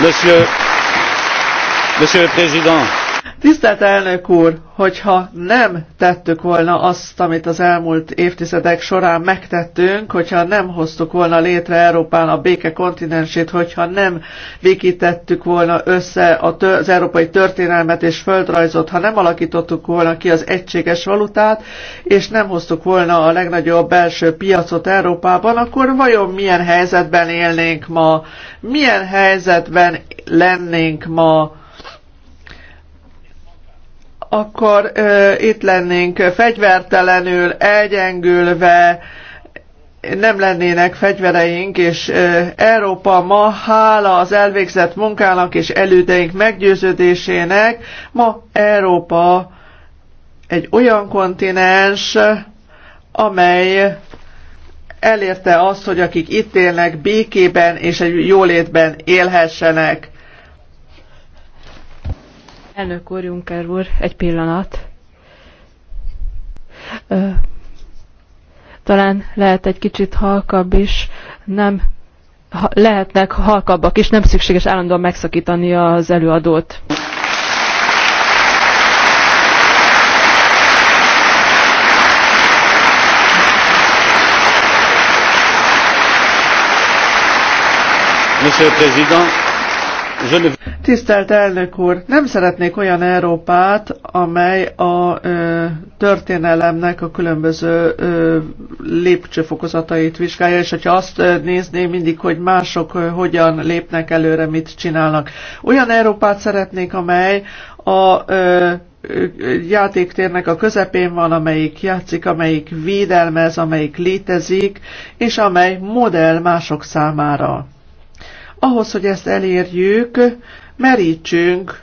Monsieur, Monsieur le Président, Tisztelt elnök úr, hogyha nem tettük volna azt, amit az elmúlt évtizedek során megtettünk, hogyha nem hoztuk volna létre Európán a béke kontinensét, hogyha nem vikítettük volna össze az európai történelmet és földrajzot, ha nem alakítottuk volna ki az egységes valutát, és nem hoztuk volna a legnagyobb belső piacot Európában, akkor vajon milyen helyzetben élnénk ma? Milyen helyzetben lennénk ma? akkor ö, itt lennénk fegyvertelenül, elgyengülve, nem lennének fegyvereink, és Európa ma hála az elvégzett munkának és elődeink meggyőződésének, ma Európa egy olyan kontinens, amely elérte azt, hogy akik itt élnek, békében és egy jólétben élhessenek. Elnök úr, Juncker úr, egy pillanat. Talán lehet egy kicsit halkabb is, nem lehetnek halkabbak is, nem szükséges állandóan megszakítani az előadót. Monsieur le Président, Tisztelt elnök úr, nem szeretnék olyan Európát, amely a ö, történelemnek a különböző ö, lépcsőfokozatait vizsgálja, és hogyha azt nézném mindig, hogy mások ö, hogyan lépnek előre, mit csinálnak. Olyan Európát szeretnék, amely a ö, játéktérnek a közepén van, amelyik játszik, amelyik védelmez, amelyik létezik, és amely modell mások számára. Ahhoz, hogy ezt elérjük, merítsünk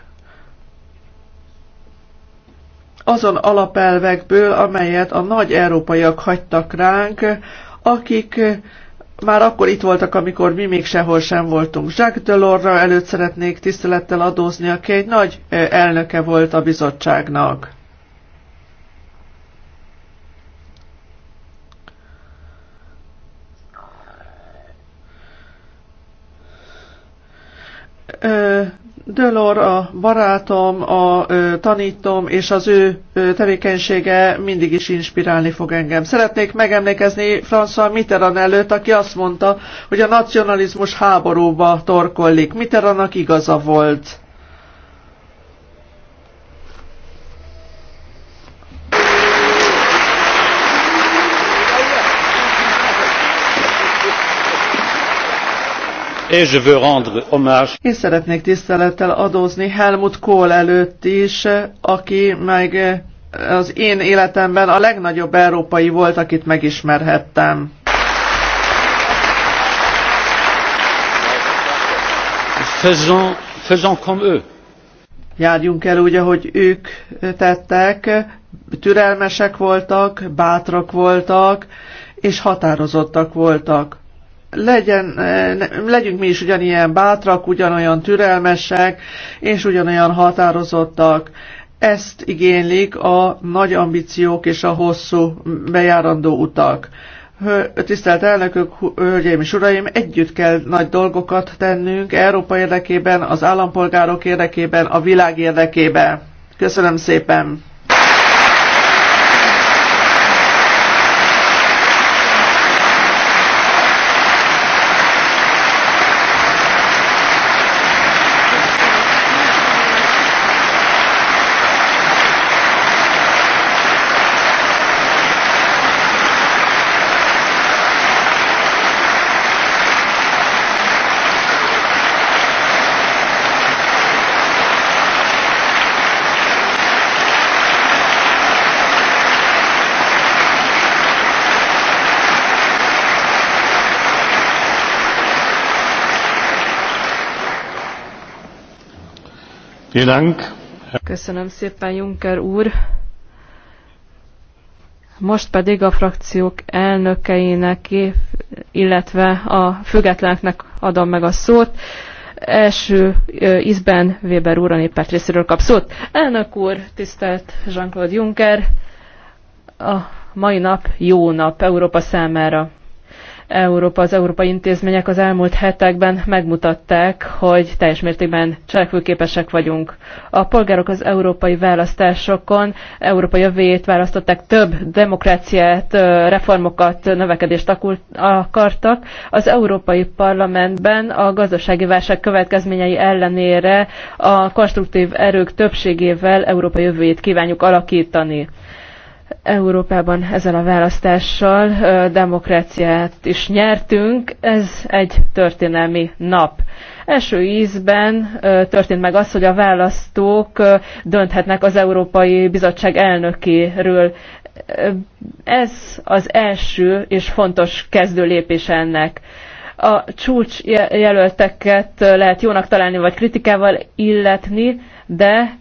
azon alapelvekből, amelyet a nagy európaiak hagytak ránk, akik már akkor itt voltak, amikor mi még sehol sem voltunk. Jacques Delorsra előtt szeretnék tisztelettel adózni, aki egy nagy elnöke volt a bizottságnak. Dölor a barátom, a tanítom, és az ő tevékenysége mindig is inspirálni fog engem. Szeretnék megemlékezni François Mitterrand előtt, aki azt mondta, hogy a nacionalizmus háborúba torkollik. Mitterrandnak igaza volt És szeretnék tisztelettel adózni Helmut Kohl előtt is, aki meg eh, az én életemben a legnagyobb európai volt, akit megismerhettem. Faisons, faisons comme eux. Járjunk el úgy, ahogy ők tettek, türelmesek voltak, bátrak voltak, és határozottak voltak legyen, eh, legyünk mi is ugyanilyen bátrak, ugyanolyan türelmesek, és ugyanolyan határozottak. Ezt igénylik a nagy ambíciók és a hosszú bejárandó utak. Tisztelt elnökök, hölgyeim és uraim, együtt kell nagy dolgokat tennünk Európa érdekében, az állampolgárok érdekében, a világ érdekében. Köszönöm szépen! Köszönöm szépen, Juncker úr. Most pedig a frakciók elnökeinek, illetve a függetleneknek adom meg a szót. Első ízben Weber úr a néppárt részéről kap szót. Elnök úr, tisztelt Jean-Claude Juncker, a mai nap jó nap Európa számára. Európa, az európai intézmények az elmúlt hetekben megmutatták, hogy teljes mértékben cselekvőképesek vagyunk. A polgárok az európai választásokon Európa jövőjét választották, több demokráciát, reformokat, növekedést akartak. Az Európai Parlamentben a gazdasági válság következményei ellenére a konstruktív erők többségével Európa jövőjét kívánjuk alakítani. Európában ezzel a választással demokráciát is nyertünk. Ez egy történelmi nap. Első ízben történt meg az, hogy a választók dönthetnek az Európai Bizottság elnökéről. Ez az első és fontos kezdő lépés ennek a csúcs jelölteket lehet jónak találni, vagy kritikával illetni, de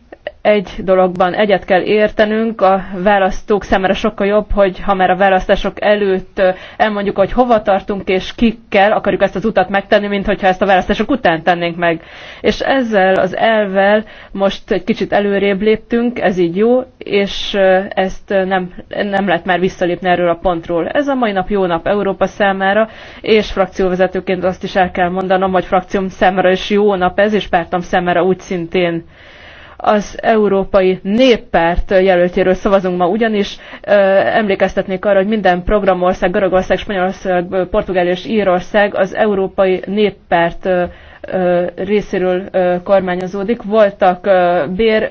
egy dologban egyet kell értenünk, a választók számára sokkal jobb, hogy ha már a választások előtt elmondjuk, hogy hova tartunk és kikkel akarjuk ezt az utat megtenni, mint hogyha ezt a választások után tennénk meg. És ezzel az elvel most egy kicsit előrébb léptünk, ez így jó, és ezt nem, nem lehet már visszalépni erről a pontról. Ez a mai nap jó nap Európa számára, és frakcióvezetőként azt is el kell mondanom, hogy frakcióm számára is jó nap ez, és pártom számára úgy szintén az Európai Néppárt jelöltjéről szavazunk ma ugyanis. Emlékeztetnék arra, hogy minden programország, Görögország, Spanyolország, Portugália és Írország az Európai Néppárt részéről kormányozódik. Voltak bér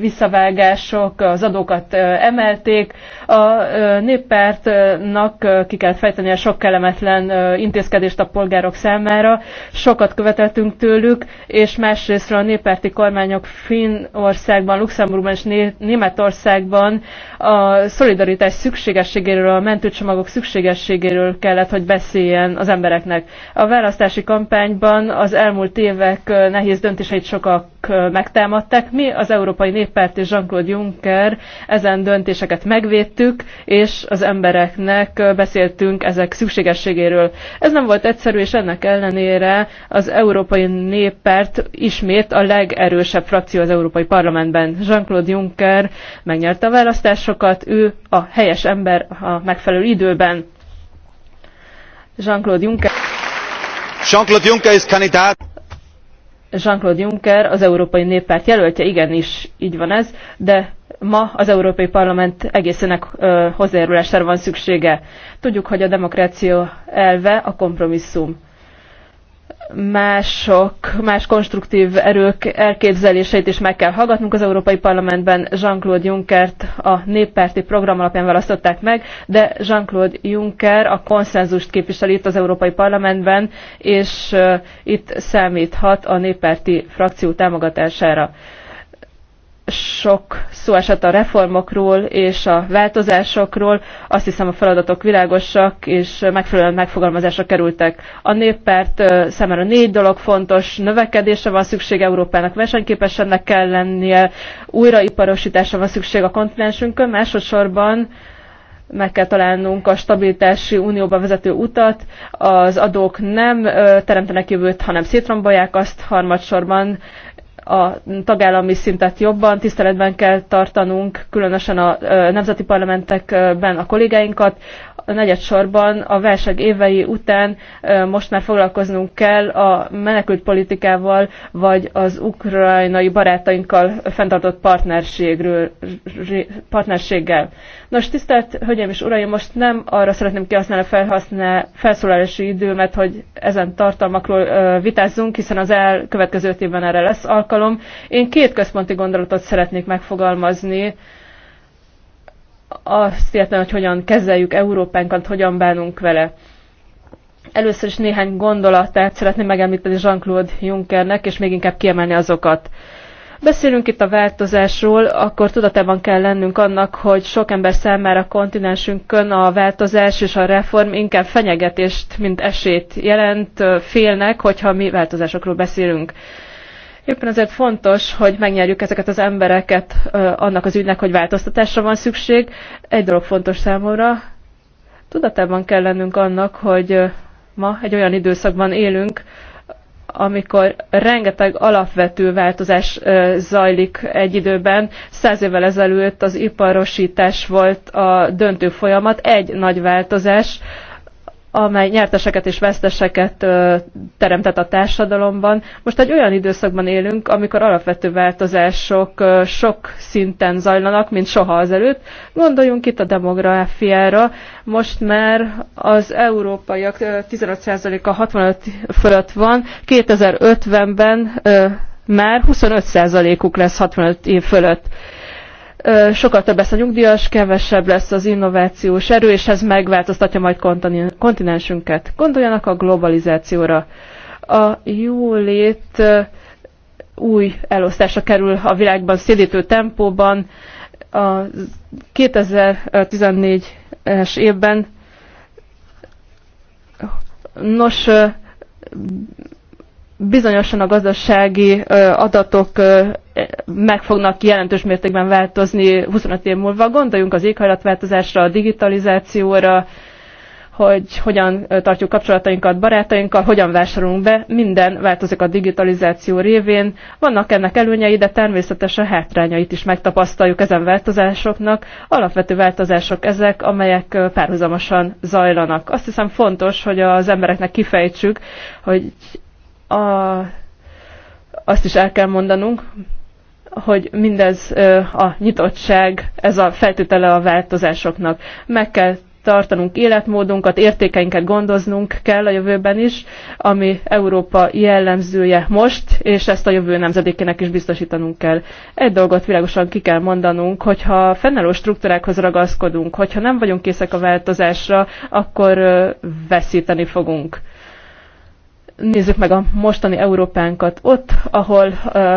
visszavágások, az adókat emelték. A néppártnak ki kell fejteni a sok kellemetlen intézkedést a polgárok számára. Sokat követeltünk tőlük, és másrésztről a néppárti kormányok Finnországban, Luxemburgban és Németországban a szolidaritás szükségességéről, a mentőcsomagok szükségességéről kellett, hogy beszéljen az embereknek. A választási kampányban valóban az elmúlt évek nehéz döntéseit sokak megtámadták. Mi az Európai Néppárt és Jean-Claude Juncker ezen döntéseket megvédtük, és az embereknek beszéltünk ezek szükségességéről. Ez nem volt egyszerű, és ennek ellenére az Európai Néppárt ismét a legerősebb frakció az Európai Parlamentben. Jean-Claude Juncker megnyerte a választásokat, ő a helyes ember a megfelelő időben. Jean-Claude Juncker Jean-Claude Juncker ist Kandidat. Jean-Claude Juncker az Európai Néppárt jelöltje, igenis így van ez, de ma az Európai Parlament egészének hozzájárulására van szüksége. Tudjuk, hogy a demokrácia elve a kompromisszum mások, más konstruktív erők elképzeléseit is meg kell hallgatnunk. Az Európai Parlamentben Jean-Claude Junckert a néppárti program alapján választották meg, de Jean-Claude Juncker a konszenzust képviseli itt az Európai Parlamentben, és itt számíthat a néppárti frakció támogatására sok szó esett a reformokról és a változásokról. Azt hiszem a feladatok világosak és megfelelően megfogalmazásra kerültek. A néppárt számára négy dolog fontos. Növekedése van szükség Európának, versenyképesennek kell lennie, újraiparosításra van szükség a kontinensünkön, másodszorban meg kell találnunk a stabilitási unióba vezető utat, az adók nem teremtenek jövőt, hanem szétrombolják azt harmadsorban, a tagállami szintet jobban tiszteletben kell tartanunk, különösen a nemzeti parlamentekben a kollégáinkat. A negyed sorban a válság évei után most már foglalkoznunk kell a menekült politikával, vagy az ukrajnai barátainkkal fenntartott partnerségről, partnerséggel. Nos, tisztelt Hölgyeim és Uraim, most nem arra szeretném kihasználni a felszólalási időmet, hogy ezen tartalmakról vitázzunk, hiszen az elkövetkező évben erre lesz alkalom, alkalom. Én két központi gondolatot szeretnék megfogalmazni. Azt értem, hogy hogyan kezeljük Európánkat, hogyan bánunk vele. Először is néhány gondolatát szeretném megemlíteni Jean-Claude Junckernek, és még inkább kiemelni azokat beszélünk itt a változásról, akkor tudatában kell lennünk annak, hogy sok ember számára a kontinensünkön a változás és a reform inkább fenyegetést, mint esét jelent, félnek, hogyha mi változásokról beszélünk. Éppen ezért fontos, hogy megnyerjük ezeket az embereket annak az ügynek, hogy változtatásra van szükség. Egy dolog fontos számomra, tudatában kell lennünk annak, hogy ma egy olyan időszakban élünk, amikor rengeteg alapvető változás zajlik egy időben. Száz évvel ezelőtt az iparosítás volt a döntő folyamat, egy nagy változás, amely nyerteseket és veszteseket teremtett a társadalomban. Most egy olyan időszakban élünk, amikor alapvető változások sok szinten zajlanak, mint soha azelőtt. Gondoljunk itt a demográfiára. Most már az európaiak 15%-a 65 fölött van, 2050-ben már 25%-uk lesz 65 év fölött sokkal több lesz a nyugdíjas, kevesebb lesz az innovációs erő, és ez megváltoztatja majd kontinensünket. Gondoljanak a globalizációra. A jólét új elosztása kerül a világban szédítő tempóban. A 2014-es évben nos, bizonyosan a gazdasági adatok meg fognak jelentős mértékben változni 25 év múlva. Gondoljunk az éghajlatváltozásra, a digitalizációra, hogy hogyan tartjuk kapcsolatainkat barátainkkal, hogyan vásárolunk be, minden változik a digitalizáció révén. Vannak ennek előnyei, de természetesen hátrányait is megtapasztaljuk ezen változásoknak. Alapvető változások ezek, amelyek párhuzamosan zajlanak. Azt hiszem fontos, hogy az embereknek kifejtsük, hogy a, azt is el kell mondanunk, hogy mindez a nyitottság, ez a feltétele a változásoknak. Meg kell tartanunk életmódunkat, értékeinket gondoznunk kell a jövőben is, ami Európa jellemzője most, és ezt a jövő nemzedékének is biztosítanunk kell. Egy dolgot világosan ki kell mondanunk, hogyha fennálló struktúrákhoz ragaszkodunk, hogyha nem vagyunk készek a változásra, akkor veszíteni fogunk nézzük meg a mostani Európánkat. Ott, ahol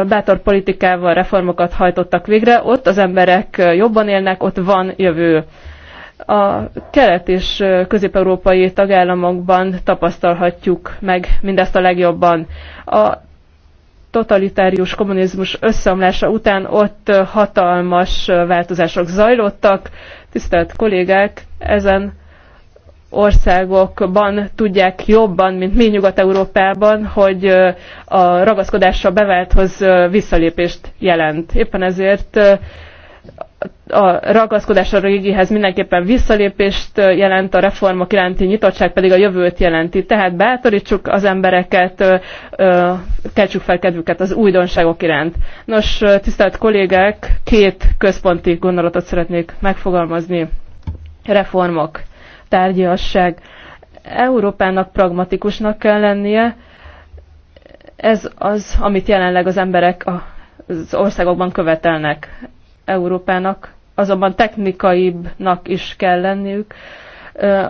bátor politikával reformokat hajtottak végre, ott az emberek jobban élnek, ott van jövő. A kelet és közép-európai tagállamokban tapasztalhatjuk meg mindezt a legjobban. A totalitárius kommunizmus összeomlása után ott hatalmas változások zajlottak. Tisztelt kollégák, ezen országokban tudják jobban, mint mi Nyugat-Európában, hogy a ragaszkodásra beválthoz visszalépést jelent. Éppen ezért a ragaszkodás a régihez mindenképpen visszalépést jelent, a reformok iránti nyitottság pedig a jövőt jelenti. Tehát bátorítsuk az embereket, keltsük fel kedvüket az újdonságok iránt. Nos, tisztelt kollégák, két központi gondolatot szeretnék megfogalmazni. Reformok tárgyasság. Európának pragmatikusnak kell lennie, ez az, amit jelenleg az emberek az országokban követelnek Európának, azonban technikaibbnak is kell lenniük.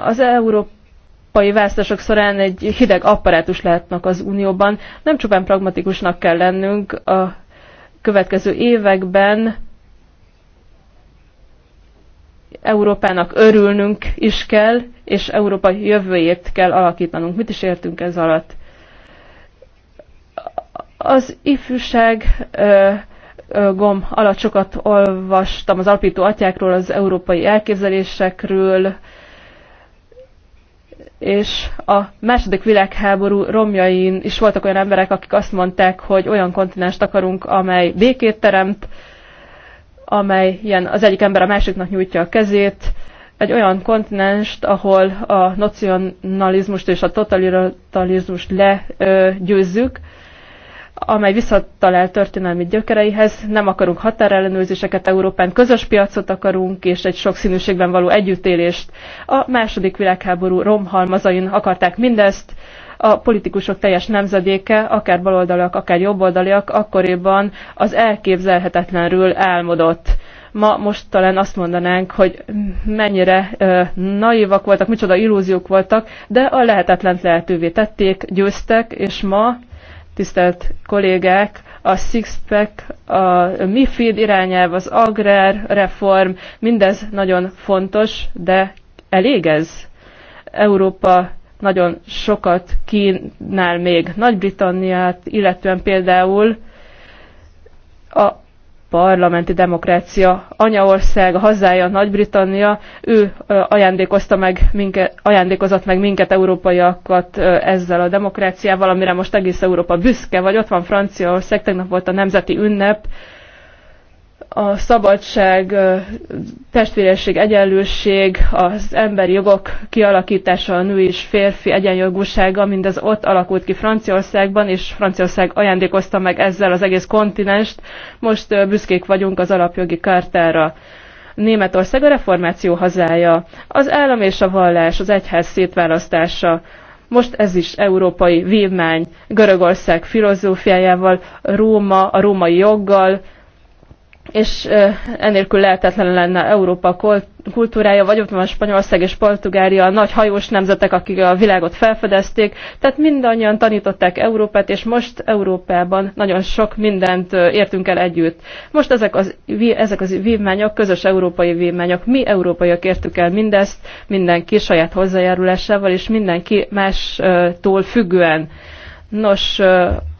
Az európai választások során egy hideg apparátus lehetnek az Unióban. Nem csupán pragmatikusnak kell lennünk a következő években, Európának örülnünk is kell, és Európa jövőjét kell alakítanunk. Mit is értünk ez alatt? Az ifjúság gom alatt sokat olvastam az alapító atyákról, az európai elképzelésekről, és a második világháború romjain is voltak olyan emberek, akik azt mondták, hogy olyan kontinens akarunk, amely békét teremt, amely ilyen az egyik ember a másiknak nyújtja a kezét, egy olyan kontinenst, ahol a nacionalizmust és a totalitarizmust legyőzzük, amely visszatalál történelmi gyökereihez, nem akarunk határellenőrzéseket Európán, közös piacot akarunk, és egy sokszínűségben való együttélést. A második világháború romhalmazain akarták mindezt, a politikusok teljes nemzedéke, akár baloldaliak, akár jobboldaliak, akkoriban az elképzelhetetlenről álmodott. Ma most talán azt mondanánk, hogy mennyire ö, naívak voltak, micsoda illúziók voltak, de a lehetetlent lehetővé tették, győztek, és ma, tisztelt kollégák, a Sixpack, a MIFID irányelv, az agrárreform, mindez nagyon fontos, de elég ez? Európa nagyon sokat kínál még Nagy-Britanniát, illetően például a parlamenti demokrácia anyaország, a hazája Nagy-Britannia, ő ajándékozta meg minket, ajándékozott meg minket európaiakat ezzel a demokráciával, amire most egész Európa büszke, vagy ott van Franciaország, tegnap volt a nemzeti ünnep, a szabadság, testvéresség, egyenlőség, az emberi jogok kialakítása, a nő és férfi egyenjogúsága, mindez ott alakult ki Franciaországban, és Franciaország ajándékozta meg ezzel az egész kontinenst. Most büszkék vagyunk az alapjogi kártára. Németország a reformáció hazája, az állam és a vallás, az egyház szétválasztása, most ez is európai vívmány Görögország filozófiájával, Róma, a római joggal, és enélkül lehetetlen lenne Európa kultúrája, vagy ott van Spanyolország és Portugália, a nagy hajós nemzetek, akik a világot felfedezték, tehát mindannyian tanították Európát, és most Európában nagyon sok mindent értünk el együtt. Most ezek az, ezek az vívmányok, közös európai vívmányok, mi európaiak értük el mindezt, mindenki saját hozzájárulásával, és mindenki mástól függően. Nos,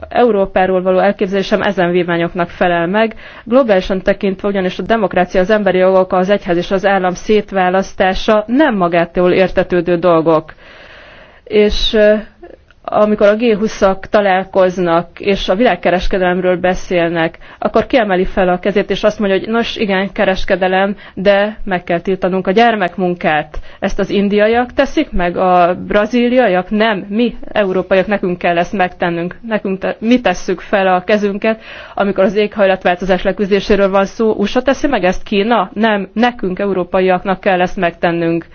Európáról való elképzelésem ezen vívmányoknak felel meg. Globálisan tekintve ugyanis a demokrácia, az emberi jogok, az egyház és az állam szétválasztása nem magától értetődő dolgok. És amikor a G20-ak találkoznak, és a világkereskedelemről beszélnek, akkor kiemeli fel a kezét, és azt mondja, hogy nos, igen, kereskedelem, de meg kell tiltanunk a gyermekmunkát. Ezt az indiaiak teszik meg, a brazíliaiak nem, mi, európaiak, nekünk kell ezt megtennünk. Nekünk te, mi tesszük fel a kezünket, amikor az éghajlatváltozás leküzdéséről van szó. USA teszi meg ezt Kína? Nem, nekünk, európaiaknak kell ezt megtennünk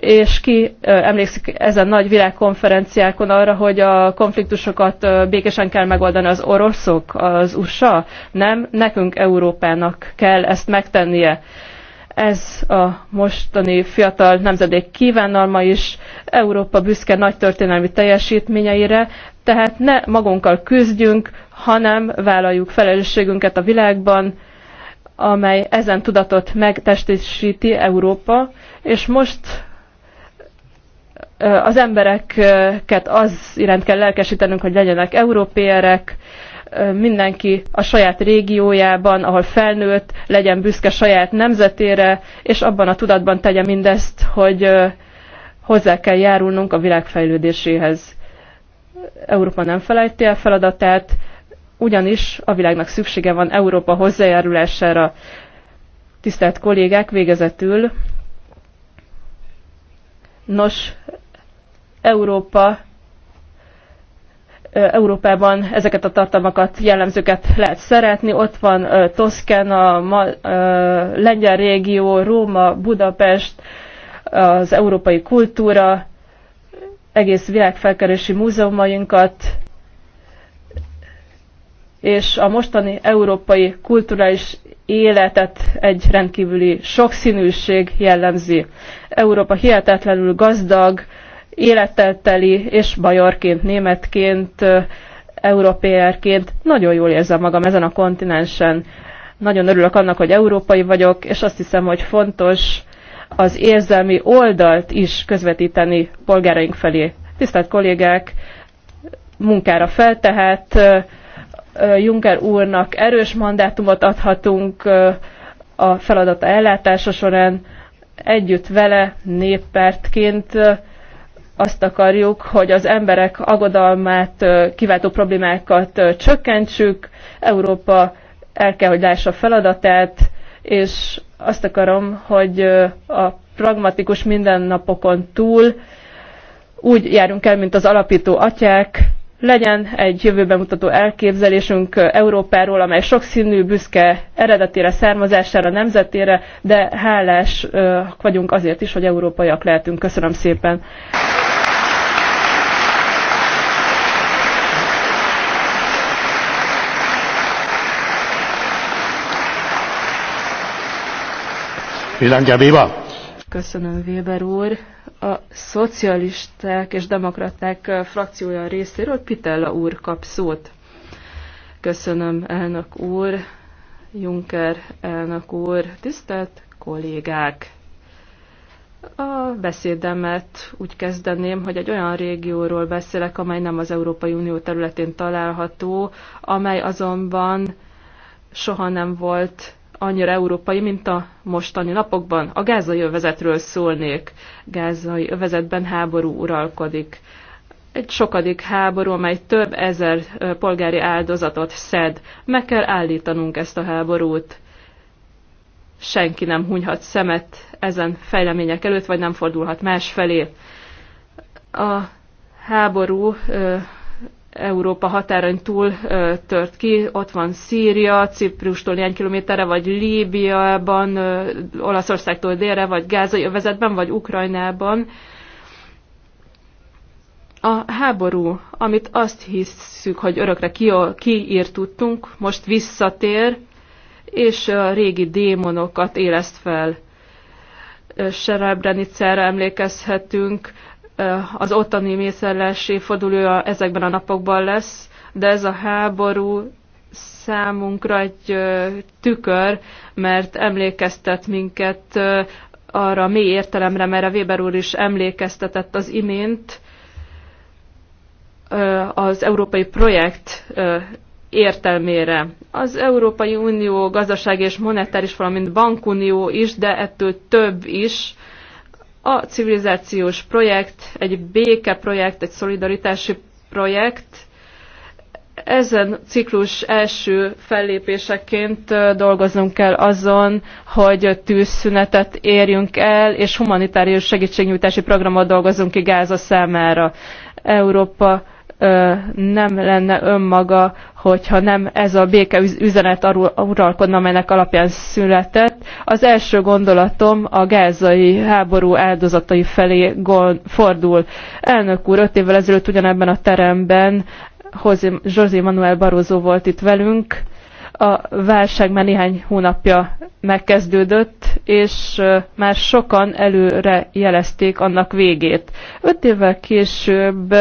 és ki emlékszik ezen nagy világkonferenciákon arra, hogy a konfliktusokat békésen kell megoldani az oroszok, az USA? Nem, nekünk Európának kell ezt megtennie ez a mostani fiatal nemzedék kívánalma is, Európa büszke nagy történelmi teljesítményeire, tehát ne magunkkal küzdjünk, hanem vállaljuk felelősségünket a világban, amely ezen tudatot megtestesíti Európa, és most az embereket az iránt kell lelkesítenünk, hogy legyenek európérek, mindenki a saját régiójában, ahol felnőtt, legyen büszke saját nemzetére, és abban a tudatban tegye mindezt, hogy hozzá kell járulnunk a világ fejlődéséhez. Európa nem felejti el feladatát, ugyanis a világnak szüksége van Európa hozzájárulására. Tisztelt kollégák, végezetül Nos, Európa Európában ezeket a tartalmakat, jellemzőket lehet szeretni. Ott van Toszkana, Lengyel régió, Róma, Budapest, az európai kultúra, egész világfelkerési múzeumainkat, és a mostani európai kulturális életet egy rendkívüli sokszínűség jellemzi. Európa hihetetlenül gazdag, élettel teli, és bajorként, németként, európérként nagyon jól érzem magam ezen a kontinensen. Nagyon örülök annak, hogy európai vagyok, és azt hiszem, hogy fontos az érzelmi oldalt is közvetíteni polgáraink felé. Tisztelt kollégák, munkára feltehet, Juncker úrnak erős mandátumot adhatunk a feladata ellátása során, együtt vele néppártként azt akarjuk, hogy az emberek aggodalmát, kiváltó problémákat csökkentsük, Európa el kell, hogy lássa feladatát, és azt akarom, hogy a pragmatikus mindennapokon túl úgy járunk el, mint az alapító atyák, legyen egy jövőben mutató elképzelésünk Európáról, amely sokszínű, büszke eredetére, származására, nemzetére, de hálás vagyunk azért is, hogy európaiak lehetünk. Köszönöm szépen! Köszönöm, Weber úr. A szocialisták és demokraták frakciója részéről Pitella úr kap szót. Köszönöm, elnök úr, Juncker elnök úr, tisztelt kollégák! A beszédemet úgy kezdeném, hogy egy olyan régióról beszélek, amely nem az Európai Unió területén található, amely azonban soha nem volt annyira európai, mint a mostani napokban. A gázai övezetről szólnék. Gázai övezetben háború uralkodik. Egy sokadik háború, amely több ezer polgári áldozatot szed. Meg kell állítanunk ezt a háborút. Senki nem hunyhat szemet ezen fejlemények előtt, vagy nem fordulhat más felé. A háború Európa határain túl ö, tört ki. Ott van Szíria, Ciprustól néhány kilométerre, vagy Líbiában, ö, Olaszországtól délre, vagy Gázai övezetben, vagy Ukrajnában. A háború, amit azt hiszük, hogy örökre ki, kiírtudtunk, most visszatér, és a régi démonokat éleszt fel. Serebrenicára emlékezhetünk, Eh, az ottani mészárlási fordulója ezekben a napokban lesz, de ez a háború számunkra egy eh, tükör, mert emlékeztet minket eh, arra a mély értelemre, mert a Weber úr is emlékeztetett az imént az európai projekt értelmére. Az Európai Unió gazdasági és monetáris, valamint bankunió is, de ettől több is, a civilizációs projekt, egy békeprojekt, egy szolidaritási projekt, ezen ciklus első fellépéseként dolgoznunk kell azon, hogy tűzszünetet érjünk el, és humanitárius segítségnyújtási programot dolgozunk ki Gáza számára. Európa nem lenne önmaga, hogyha nem ez a béke üzenet uralkodna, amelynek alapján született. Az első gondolatom a gázai háború áldozatai felé fordul. Elnök úr, öt évvel ezelőtt ugyanebben a teremben José Manuel Barroso volt itt velünk. A válság már néhány hónapja megkezdődött, és már sokan előre jelezték annak végét. Öt évvel később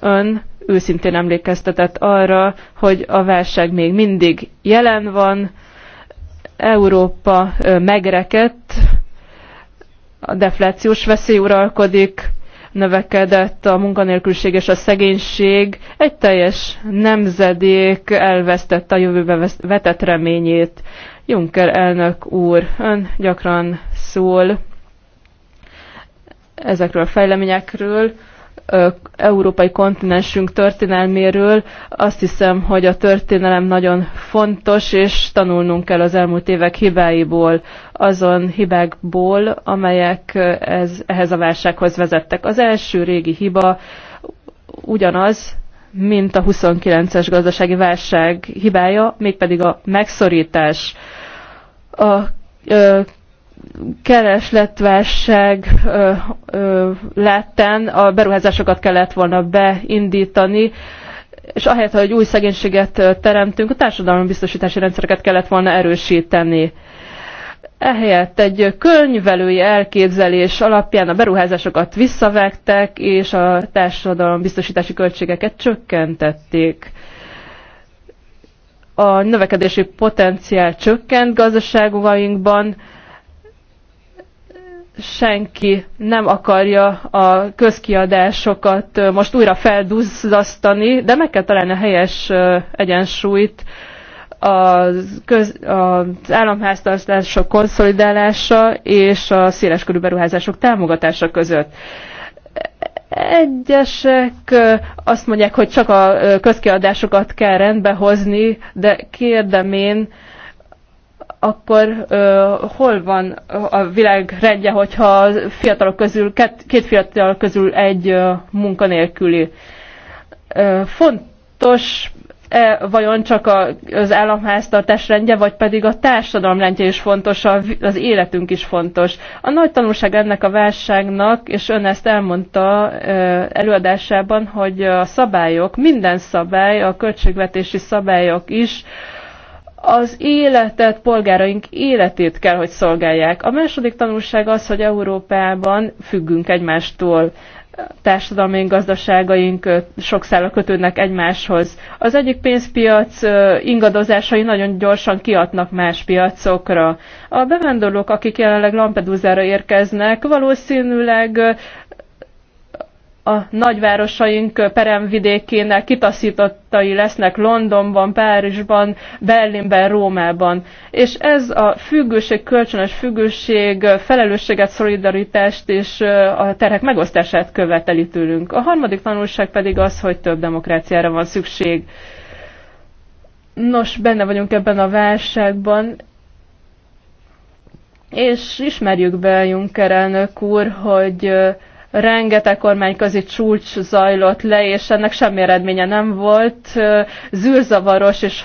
ön őszintén emlékeztetett arra, hogy a válság még mindig jelen van, Európa megrekedt, a deflációs veszély uralkodik, növekedett a munkanélküliség és a szegénység, egy teljes nemzedék elvesztette a jövőbe vetett reményét. Juncker elnök úr, ön gyakran szól ezekről a fejleményekről, európai kontinensünk történelméről. Azt hiszem, hogy a történelem nagyon fontos, és tanulnunk kell az elmúlt évek hibáiból, azon hibákból, amelyek ez, ehhez a válsághoz vezettek. Az első régi hiba ugyanaz, mint a 29-es gazdasági válság hibája, mégpedig a megszorítás. A keresletválság ö, láttán a beruházásokat kellett volna beindítani, és ahelyett, hogy új szegénységet teremtünk, a társadalmi biztosítási rendszereket kellett volna erősíteni. Ehelyett egy könyvelői elképzelés alapján a beruházásokat visszavágták, és a társadalom biztosítási költségeket csökkentették a növekedési potenciál csökkent gazdaságainkban, senki nem akarja a közkiadásokat most újra felduzzasztani, de meg kell találni a helyes egyensúlyt az, köz, az államháztartások konszolidálása és a széleskörű beruházások támogatása között. Egyesek azt mondják, hogy csak a közkiadásokat kell rendbehozni, de kérdem én, akkor ö, hol van a világ rendje, hogyha fiatalok közül, két, két fiatal közül egy ö, munkanélküli. Ö, fontos -e vajon csak a, az államháztartás rendje, vagy pedig a társadalom rendje is fontos, a, az életünk is fontos. A nagy tanulság ennek a válságnak, és ön ezt elmondta ö, előadásában, hogy a szabályok, minden szabály, a költségvetési szabályok is, ö, az életet, polgáraink életét kell, hogy szolgálják. A második tanulság az, hogy Európában függünk egymástól társadalmi gazdaságaink sok szála kötődnek egymáshoz. Az egyik pénzpiac ingadozásai nagyon gyorsan kiadnak más piacokra. A bevándorlók, akik jelenleg Lampedusa-ra érkeznek, valószínűleg a nagyvárosaink peremvidékének kitaszítottai lesznek Londonban, Párizsban, Berlinben, Rómában. És ez a függőség, kölcsönös függőség felelősséget, szolidaritást és a terhek megosztását követeli tőlünk. A harmadik tanulság pedig az, hogy több demokráciára van szükség. Nos, benne vagyunk ebben a válságban, és ismerjük be Juncker elnök úr, hogy rengeteg kormányközi csúcs zajlott le, és ennek semmi eredménye nem volt. Zűrzavaros és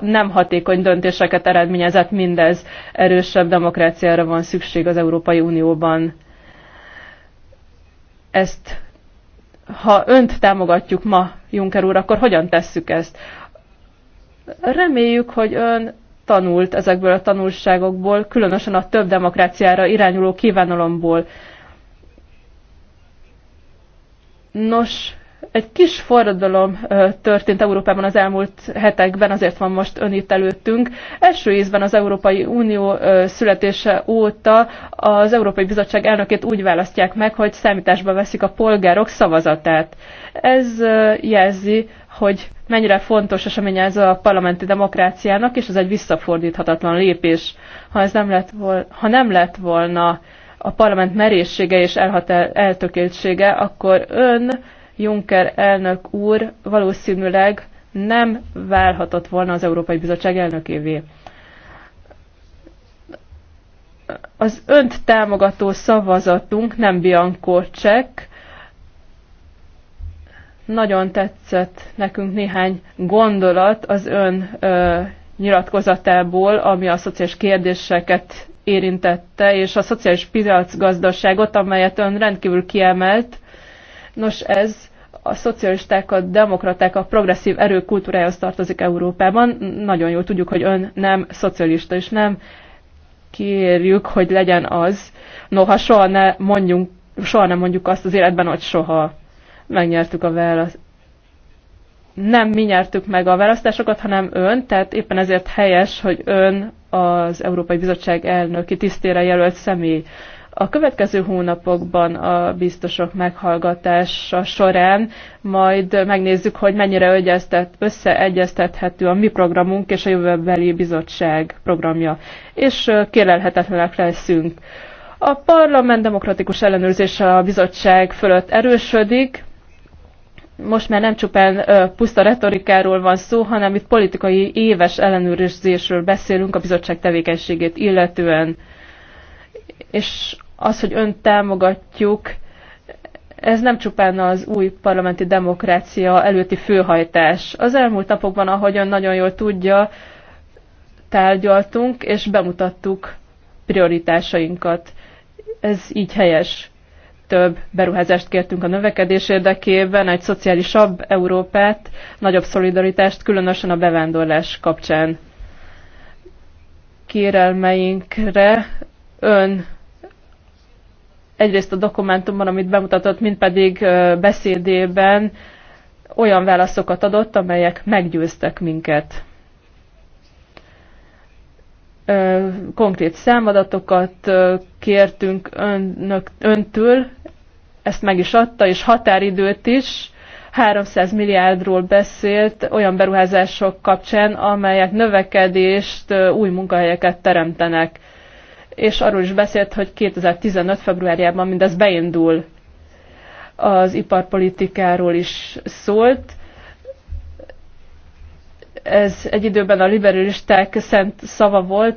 nem hatékony döntéseket eredményezett mindez. Erősebb demokráciára van szükség az Európai Unióban. Ezt, ha önt támogatjuk ma, Juncker úr, akkor hogyan tesszük ezt? Reméljük, hogy ön tanult ezekből a tanulságokból, különösen a több demokráciára irányuló kívánalomból. Nos, egy kis forradalom történt Európában az elmúlt hetekben, azért van most ön itt előttünk. Első ízben az Európai Unió születése óta az Európai Bizottság elnökét úgy választják meg, hogy számításba veszik a polgárok szavazatát. Ez jelzi, hogy mennyire fontos esemény ez a parlamenti demokráciának, és ez egy visszafordíthatatlan lépés. Ha, ez nem lett volna, ha nem lett volna a parlament merészsége és elhatár, eltökéltsége, akkor ön, Juncker elnök úr valószínűleg nem válhatott volna az Európai Bizottság elnökévé. Az önt támogató szavazatunk nem Bianco Csek, nagyon tetszett nekünk néhány gondolat az ön ö, nyilatkozatából, ami a szociális kérdéseket érintette, és a szociális piacgazdaságot, amelyet ön rendkívül kiemelt. Nos, ez a szocialisták, a demokraták, a progresszív erők kultúrájához tartozik Európában. Nagyon jól tudjuk, hogy ön nem szocialista, és nem kérjük, hogy legyen az. Noha soha ne mondjunk, soha nem mondjuk azt az életben, hogy soha megnyertük a választ nem mi nyertük meg a választásokat, hanem ön, tehát éppen ezért helyes, hogy ön az Európai Bizottság elnöki tisztére jelölt személy. A következő hónapokban a biztosok meghallgatása során majd megnézzük, hogy mennyire összeegyeztethető a mi programunk és a jövőbeli bizottság programja. És kérelhetetlenek leszünk. A parlament demokratikus ellenőrzése a bizottság fölött erősödik, most már nem csupán puszta retorikáról van szó, hanem itt politikai éves ellenőrzésről beszélünk a bizottság tevékenységét illetően. És az, hogy önt támogatjuk, ez nem csupán az új parlamenti demokrácia előtti főhajtás. Az elmúlt napokban, ön nagyon jól tudja, tárgyaltunk és bemutattuk prioritásainkat. Ez így helyes több beruházást kértünk a növekedés érdekében, egy szociálisabb Európát, nagyobb szolidaritást, különösen a bevándorlás kapcsán. Kérelmeinkre ön egyrészt a dokumentumban, amit bemutatott, mint pedig beszédében olyan válaszokat adott, amelyek meggyőztek minket. Konkrét számadatokat kértünk önök, öntől, ezt meg is adta, és határidőt is, 300 milliárdról beszélt olyan beruházások kapcsán, amelyek növekedést, új munkahelyeket teremtenek. És arról is beszélt, hogy 2015. februárjában mindez beindul. Az iparpolitikáról is szólt. Ez egy időben a liberalisták szent szava volt.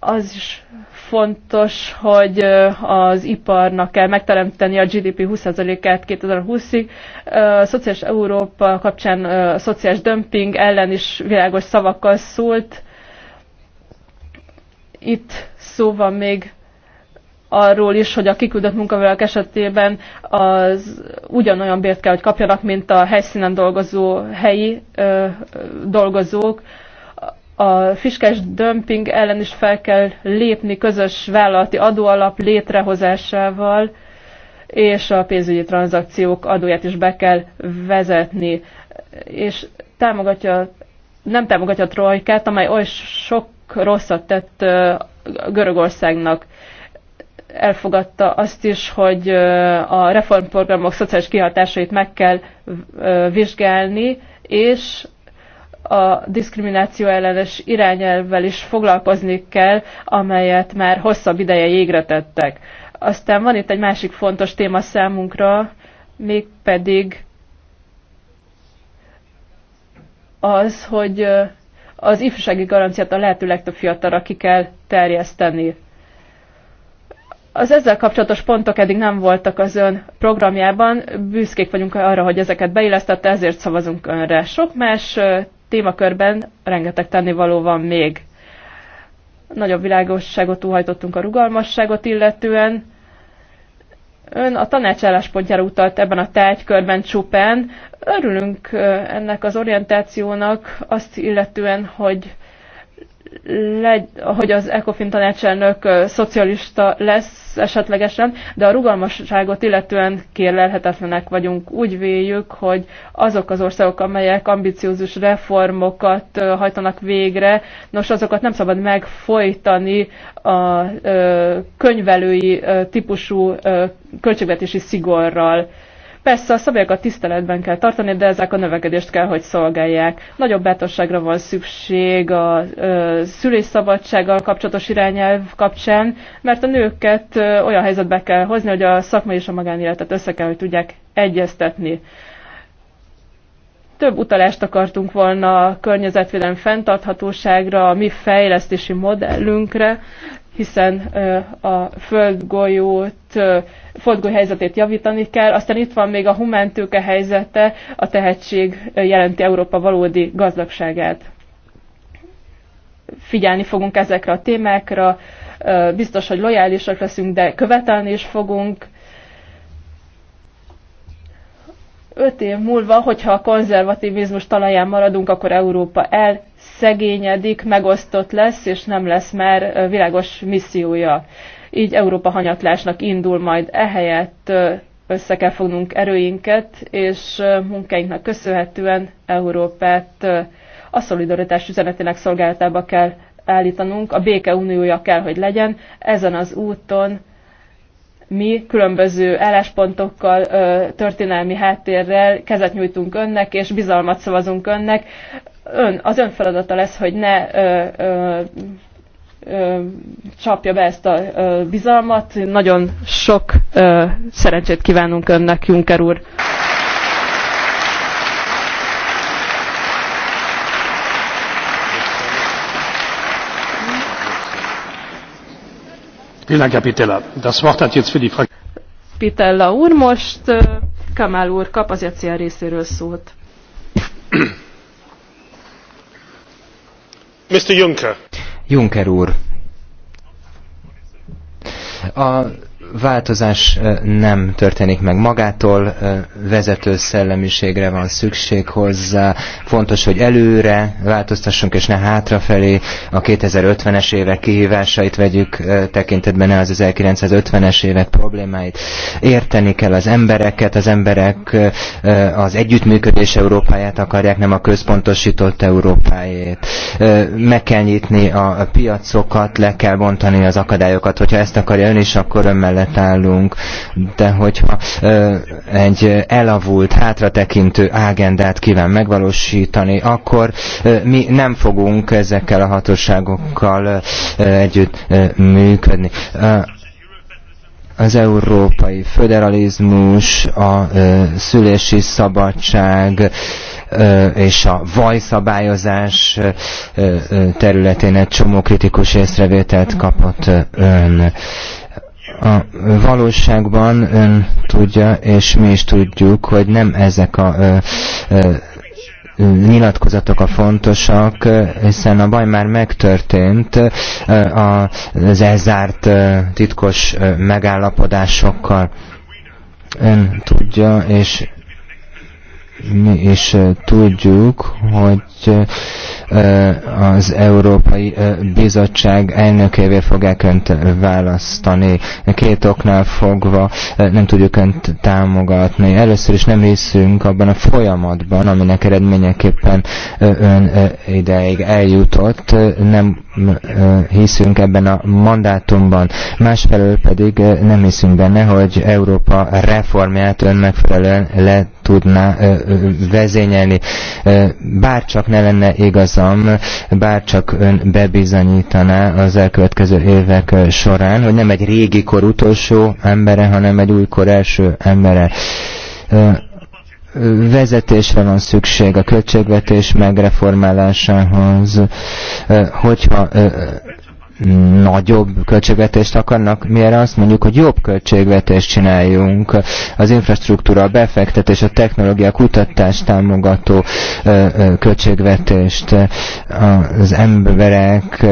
Az is fontos, hogy az iparnak kell megteremteni a GDP 20%-át 2020-ig. A szociális Európa kapcsán a szociális dömping ellen is világos szavakkal szólt. Itt szó van még arról is, hogy a kiküldött munkavállalók esetében az ugyanolyan bért kell, hogy kapjanak, mint a helyszínen dolgozó helyi ö, dolgozók. Ö, a fiskás dömping ellen is fel kell lépni közös vállalati adóalap létrehozásával, és a pénzügyi tranzakciók adóját is be kell vezetni. És támogatja, nem támogatja a trojkát, amely oly sok rosszat tett Görögországnak. Elfogadta azt is, hogy a reformprogramok szociális kihatásait meg kell vizsgálni, és a diszkrimináció ellenes irányelvvel is foglalkozni kell, amelyet már hosszabb ideje jégre tettek. Aztán van itt egy másik fontos téma számunkra, mégpedig az, hogy az ifjúsági garanciát a lehető legtöbb fiatalra ki kell terjeszteni. Az ezzel kapcsolatos pontok eddig nem voltak az ön programjában, büszkék vagyunk arra, hogy ezeket beillesztette, ezért szavazunk önre. Sok más témakörben rengeteg tennivaló van még. Nagyobb világosságot túlhajtottunk a rugalmasságot illetően. Ön a tanács álláspontjára utalt ebben a tárgykörben csupán. Örülünk ennek az orientációnak azt illetően, hogy legy, hogy az ECOFIN tanácselnök szocialista lesz esetlegesen, de a rugalmasságot illetően kérlelhetetlenek vagyunk. Úgy véljük, hogy azok az országok, amelyek ambiciózus reformokat hajtanak végre, nos, azokat nem szabad megfojtani a könyvelői típusú költségvetési szigorral. Persze a szabályokat tiszteletben kell tartani, de ezek a növekedést kell, hogy szolgálják. Nagyobb bátorságra van szükség a ö, szülésszabadsággal kapcsolatos irányelv kapcsán, mert a nőket olyan helyzetbe kell hozni, hogy a szakmai és a magánéletet össze kell, hogy tudják egyeztetni. Több utalást akartunk volna a környezetvédelem fenntarthatóságra, a mi fejlesztési modellünkre, hiszen a földgolyót, földgolyó helyzetét javítani kell. Aztán itt van még a humántőke helyzete, a tehetség jelenti Európa valódi gazdagságát. Figyelni fogunk ezekre a témákra, biztos, hogy lojálisak leszünk, de követelni is fogunk. Öt év múlva, hogyha a konzervativizmus talaján maradunk, akkor Európa el szegényedik, megosztott lesz, és nem lesz már világos missziója. Így Európa hanyatlásnak indul majd ehelyett össze kell fognunk erőinket, és munkáinknak köszönhetően Európát a szolidaritás üzenetének szolgálatába kell állítanunk, a béke uniója kell, hogy legyen. Ezen az úton mi különböző álláspontokkal, történelmi háttérrel kezet nyújtunk önnek, és bizalmat szavazunk önnek ön, az ön feladata lesz, hogy ne ö, ö, ö, csapja be ezt a ö, bizalmat. Nagyon sok ö, szerencsét kívánunk önnek, Juncker úr. Pitella úr, most Kamal úr kap az ECR részéről szót. Mr. Juncker. Juncker úr. A változás nem történik meg magától, vezető szellemiségre van szükség hozzá, fontos, hogy előre változtassunk, és ne hátrafelé a 2050-es évek kihívásait vegyük tekintetben, ne az 1950-es évek problémáit. Érteni kell az embereket, az emberek az együttműködés Európáját akarják, nem a központosított Európájét. Meg kell nyitni a piacokat, le kell bontani az akadályokat, hogyha ezt akarja ön is, akkor ön mellett mellett állunk, de hogyha egy elavult, hátratekintő ágendát kíván megvalósítani, akkor mi nem fogunk ezekkel a hatóságokkal együtt működni az európai föderalizmus, a ö, szülési szabadság ö, és a vajszabályozás ö, területén egy csomó kritikus észrevételt kapott ön a valóságban ön tudja, és mi is tudjuk, hogy nem ezek a ö, ö, nyilatkozatok a fontosak, hiszen a baj már megtörtént az elzárt titkos megállapodásokkal. Ön tudja, és mi is eh, tudjuk, hogy eh, az Európai eh, Bizottság elnökévé fogják önt választani. Két oknál fogva nem tudjuk önt támogatni. Először is nem hiszünk abban a folyamatban, aminek eredményeképpen ön ideig eljutott. Nem hiszünk ebben a mandátumban, másfelől pedig nem hiszünk benne, hogy Európa reformját önmegfelelően le tudná vezényelni. Bárcsak ne lenne igazam, bárcsak ön bebizonyítaná az elkövetkező évek során, hogy nem egy régi kor utolsó embere, hanem egy újkor első embere vezetésre van szükség a költségvetés megreformálásához, hogyha nagyobb költségvetést akarnak, miért azt mondjuk, hogy jobb költségvetést csináljunk, az infrastruktúra, a befektetés, a technológia, a kutatás támogató költségvetést az emberek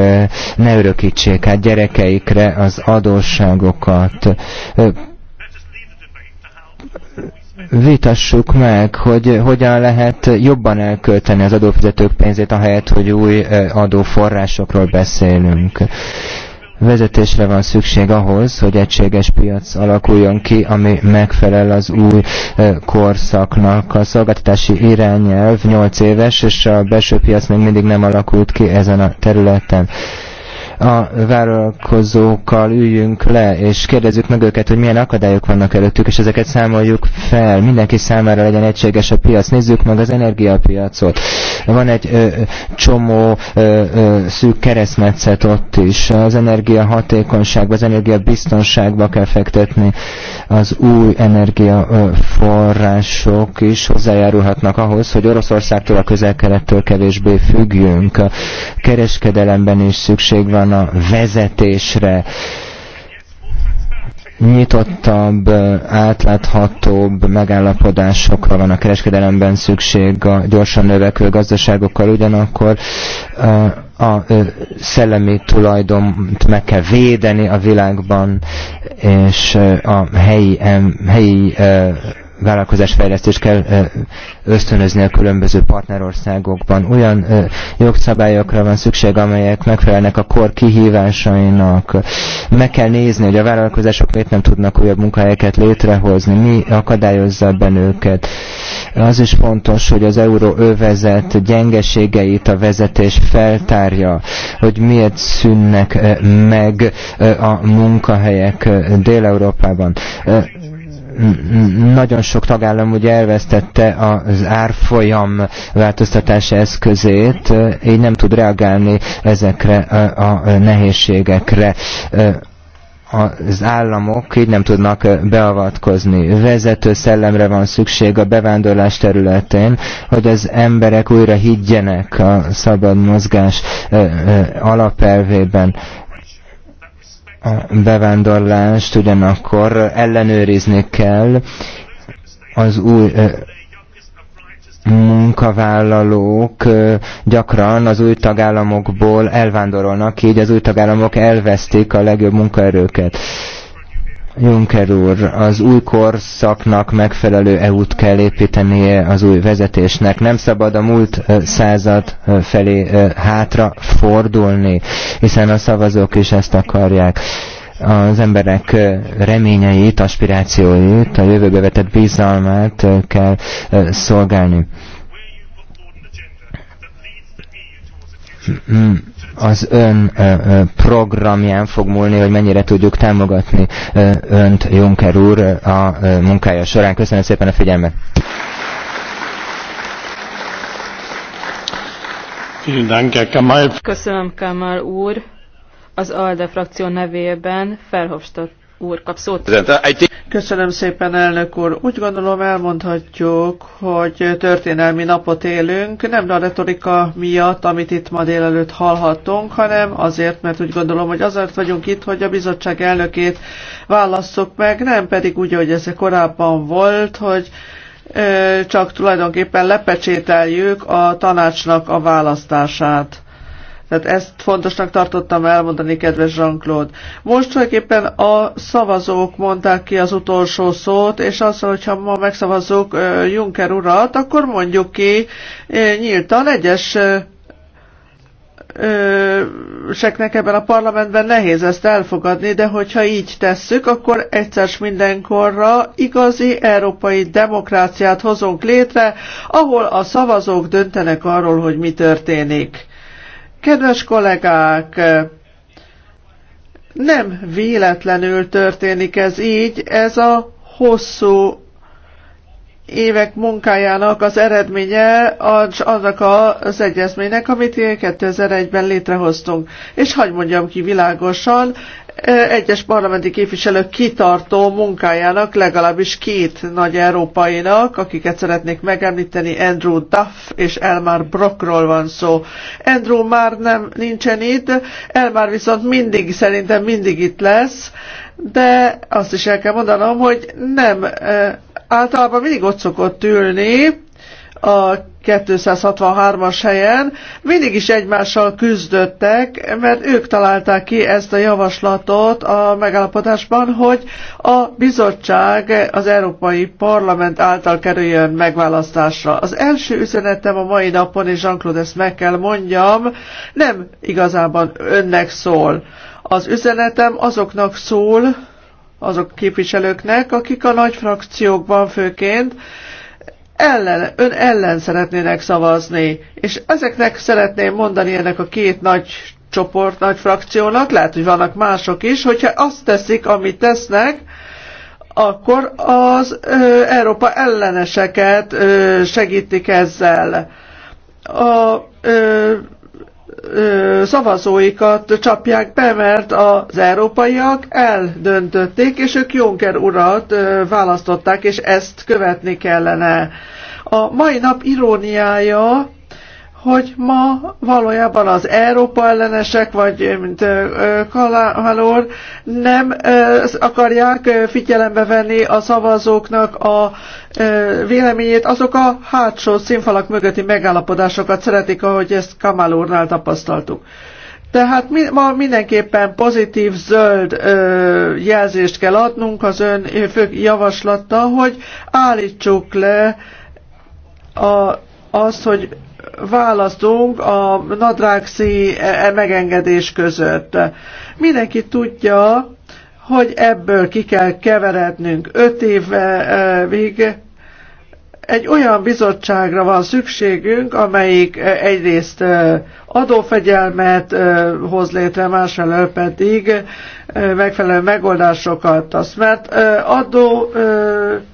ne örökítsék, át gyerekeikre az adósságokat vitassuk meg, hogy hogyan lehet jobban elkölteni az adófizetők pénzét, ahelyett, hogy új adóforrásokról beszélünk. Vezetésre van szükség ahhoz, hogy egységes piac alakuljon ki, ami megfelel az új korszaknak. A szolgáltatási irányelv 8 éves, és a belső piac még mindig nem alakult ki ezen a területen a vállalkozókkal üljünk le, és kérdezzük meg őket, hogy milyen akadályok vannak előttük, és ezeket számoljuk fel. Mindenki számára legyen egységes a piac. Nézzük meg az energiapiacot. Van egy csomó szűk keresztmetszet ott is. Az energiahatékonyságba, az energiabiztonságba kell fektetni. Az új energiaforrások is hozzájárulhatnak ahhoz, hogy Oroszországtól, a közel-kelettől kevésbé függjünk. A kereskedelemben is szükség van a vezetésre nyitottabb, átláthatóbb megállapodásokra van a kereskedelemben szükség a gyorsan növekvő gazdaságokkal, ugyanakkor a szellemi tulajdont meg kell védeni a világban, és a helyi, helyi vállalkozásfejlesztést kell ösztönözni a különböző partnerországokban. Olyan jogszabályokra van szükség, amelyek megfelelnek a kor kihívásainak. Meg kell nézni, hogy a vállalkozások miért nem tudnak újabb munkahelyeket létrehozni, mi akadályozza ebben őket. Az is fontos, hogy az euróövezet gyengeségeit a vezetés feltárja, hogy miért szűnnek meg a munkahelyek Dél-Európában nagyon sok tagállam ugye elvesztette az árfolyam változtatása eszközét, eh, így nem tud reagálni ezekre eh, a nehézségekre eh, az államok így nem tudnak beavatkozni. Vezető szellemre van szükség a bevándorlás területén, hogy az emberek újra higgyenek a szabad mozgás alapelvében a bevándorlást ugyanakkor ellenőrizni kell az új munkavállalók gyakran az új tagállamokból elvándorolnak, így az új tagállamok elvesztik a legjobb munkaerőket. Juncker úr, az új korszaknak megfelelő EU-t kell építenie az új vezetésnek. Nem szabad a múlt század felé hátra fordulni, hiszen a szavazók is ezt akarják az emberek reményeit, aspirációit, a jövőbe vetett bizalmát kell szolgálni. Hmm az ön programján fog múlni, hogy mennyire tudjuk támogatni önt, Juncker úr, a munkája során. Köszönöm szépen a figyelmet! Köszönöm, Kamal úr! Az ALDE frakció nevében Felhofstadt úr kap szót. Köszönöm szépen, elnök úr. Úgy gondolom elmondhatjuk, hogy történelmi napot élünk, nem a retorika miatt, amit itt ma délelőtt hallhattunk, hanem azért, mert úgy gondolom, hogy azért vagyunk itt, hogy a bizottság elnökét válasszuk meg, nem pedig úgy, hogy ez korábban volt, hogy csak tulajdonképpen lepecsételjük a tanácsnak a választását. Tehát ezt fontosnak tartottam elmondani, kedves Jean-Claude. Most tulajdonképpen a szavazók mondták ki az utolsó szót, és azt, hogyha ma megszavazzuk Juncker urat, akkor mondjuk ki nyíltan egyes seknek ebben a parlamentben nehéz ezt elfogadni, de hogyha így tesszük, akkor egyszer s mindenkorra igazi európai demokráciát hozunk létre, ahol a szavazók döntenek arról, hogy mi történik. Kedves kollégák, nem véletlenül történik ez így, ez a hosszú évek munkájának az eredménye az, annak az egyezménynek, amit 2001-ben létrehoztunk. És hagyd mondjam ki világosan, egyes parlamenti képviselők kitartó munkájának, legalábbis két nagy európainak, akiket szeretnék megemlíteni, Andrew Duff és Elmar Brockról van szó. Andrew már nem nincsen itt, Elmar viszont mindig, szerintem mindig itt lesz, de azt is el kell mondanom, hogy nem eh, általában mindig ott szokott ülni, a 263-as helyen, mindig is egymással küzdöttek, mert ők találták ki ezt a javaslatot a megállapodásban, hogy a bizottság az Európai Parlament által kerüljön megválasztásra. Az első üzenetem a mai napon, és Jean-Claude ezt meg kell mondjam, nem igazában önnek szól. Az üzenetem azoknak szól, azok képviselőknek, akik a nagy frakciókban főként ellen, ön ellen szeretnének szavazni, és ezeknek szeretném mondani ennek a két nagy csoport, nagy frakciónak, lehet, hogy vannak mások is, hogyha azt teszik, amit tesznek, akkor az ö, Európa elleneseket ö, segítik ezzel. A ö, szavazóikat csapják be, mert az európaiak eldöntötték, és ők Juncker urat választották, és ezt követni kellene. A mai nap iróniája hogy ma valójában az Európa ellenesek, vagy mint Kalahalor, nem akarják figyelembe venni a szavazóknak a véleményét, azok a hátsó színfalak mögötti megállapodásokat szeretik, ahogy ezt Kamal úrnál tapasztaltuk. Tehát mi, ma mindenképpen pozitív zöld ö, jelzést kell adnunk az ön fő javaslata, hogy állítsuk le a, azt, hogy választunk a nadrágszi e, e megengedés között. Mindenki tudja, hogy ebből ki kell keverednünk. Öt év egy olyan bizottságra van szükségünk, amelyik eh, egyrészt eh, adófegyelmet eh, hoz létre, másfelől pedig megfelelő megoldásokat tesz. mert adó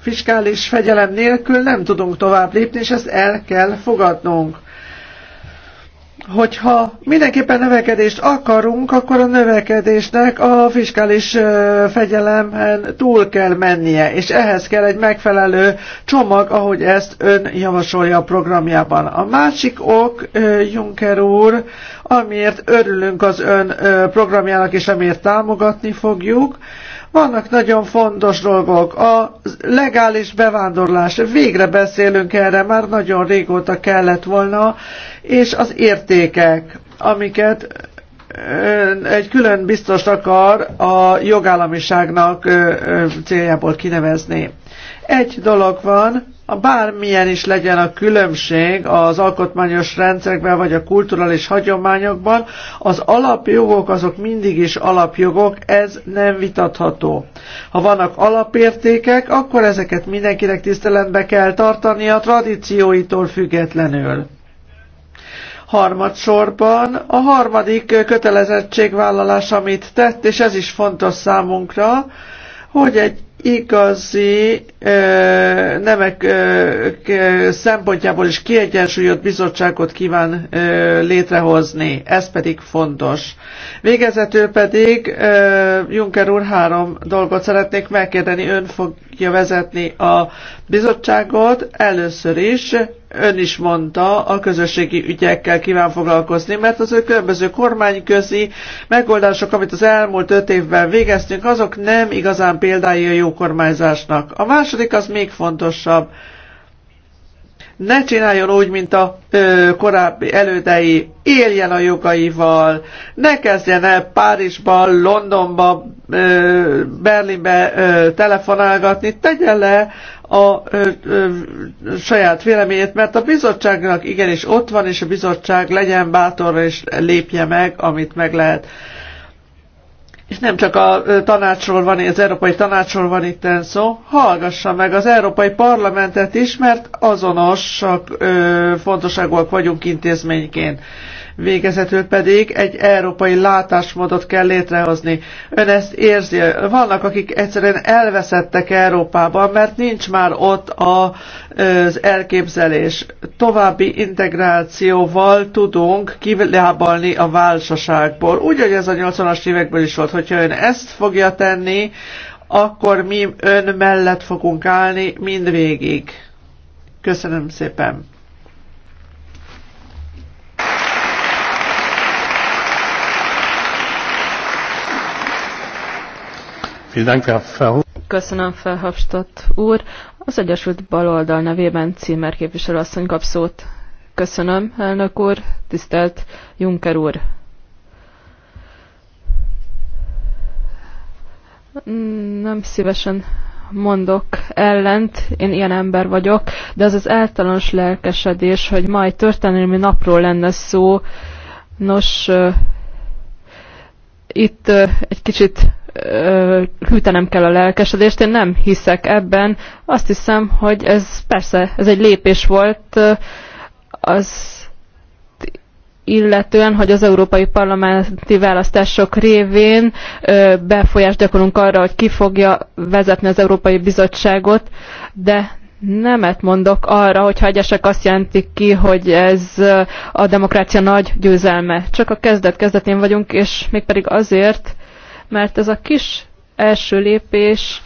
fiskális fegyelem nélkül nem tudunk tovább lépni, és ezt el kell fogadnunk hogyha mindenképpen növekedést akarunk, akkor a növekedésnek a fiskális fegyelemen túl kell mennie, és ehhez kell egy megfelelő csomag, ahogy ezt ön javasolja a programjában. A másik ok, Juncker úr, amiért örülünk az ön programjának, és amiért támogatni fogjuk, vannak nagyon fontos dolgok. A legális bevándorlás, végre beszélünk erre, már nagyon régóta kellett volna, és az értékek, amiket egy külön biztos akar a jogállamiságnak céljából kinevezni. Egy dolog van, a bármilyen is legyen a különbség az alkotmányos rendszerekben vagy a kulturális hagyományokban, az alapjogok azok mindig is alapjogok, ez nem vitatható. Ha vannak alapértékek, akkor ezeket mindenkinek tiszteletbe kell tartani a tradícióitól függetlenül. Harmadsorban a harmadik kötelezettségvállalás, amit tett, és ez is fontos számunkra, hogy egy igazi ö, nemek ö, szempontjából is kiegyensúlyozott bizottságot kíván ö, létrehozni. Ez pedig fontos. Végezetül pedig ö, Juncker úr három dolgot szeretnék megkérdeni. Ön fogja vezetni a bizottságot először is ön is mondta, a közösségi ügyekkel kíván foglalkozni, mert az ő különböző kormányközi megoldások, amit az elmúlt öt évben végeztünk, azok nem igazán példái a jó kormányzásnak. A második az még fontosabb ne csináljon úgy, mint a ö, korábbi elődei, éljen a jogaival, ne kezdjen el Párizsba, Londonba, ö, Berlinbe ö, telefonálgatni, tegye le a ö, ö, saját véleményét, mert a bizottságnak igenis ott van, és a bizottság legyen bátor, és lépje meg, amit meg lehet és nem csak a tanácsról van, az Európai Tanácsról van itt szó, hallgassa meg az Európai Parlamentet is, mert azonosak, fontosságúak vagyunk intézményként. Végezetül pedig egy európai látásmódot kell létrehozni. Ön ezt érzi. Vannak, akik egyszerűen elveszettek Európában, mert nincs már ott az elképzelés. További integrációval tudunk kilábalni a válsaságból. Úgy, hogy ez a 80-as évekből is volt. Hogyha ön ezt fogja tenni, akkor mi ön mellett fogunk állni mindvégig. Köszönöm szépen. Köszönöm, Felhapstadt úr. Az Egyesült Baloldal nevében Címer képviselő asszony kap szót. Köszönöm, elnök úr, tisztelt Juncker úr. Nem szívesen mondok ellent, én ilyen ember vagyok, de az az általános lelkesedés, hogy ma egy történelmi napról lenne szó, nos, itt egy kicsit hűtenem kell a lelkesedést, én nem hiszek ebben. Azt hiszem, hogy ez persze, ez egy lépés volt az illetően, hogy az európai parlamenti választások révén befolyást gyakorunk arra, hogy ki fogja vezetni az Európai Bizottságot, de nemet mondok arra, hogyha egyesek azt jelentik ki, hogy ez a demokrácia nagy győzelme. Csak a kezdet kezdetén vagyunk, és mégpedig azért, mert ez a kis első lépés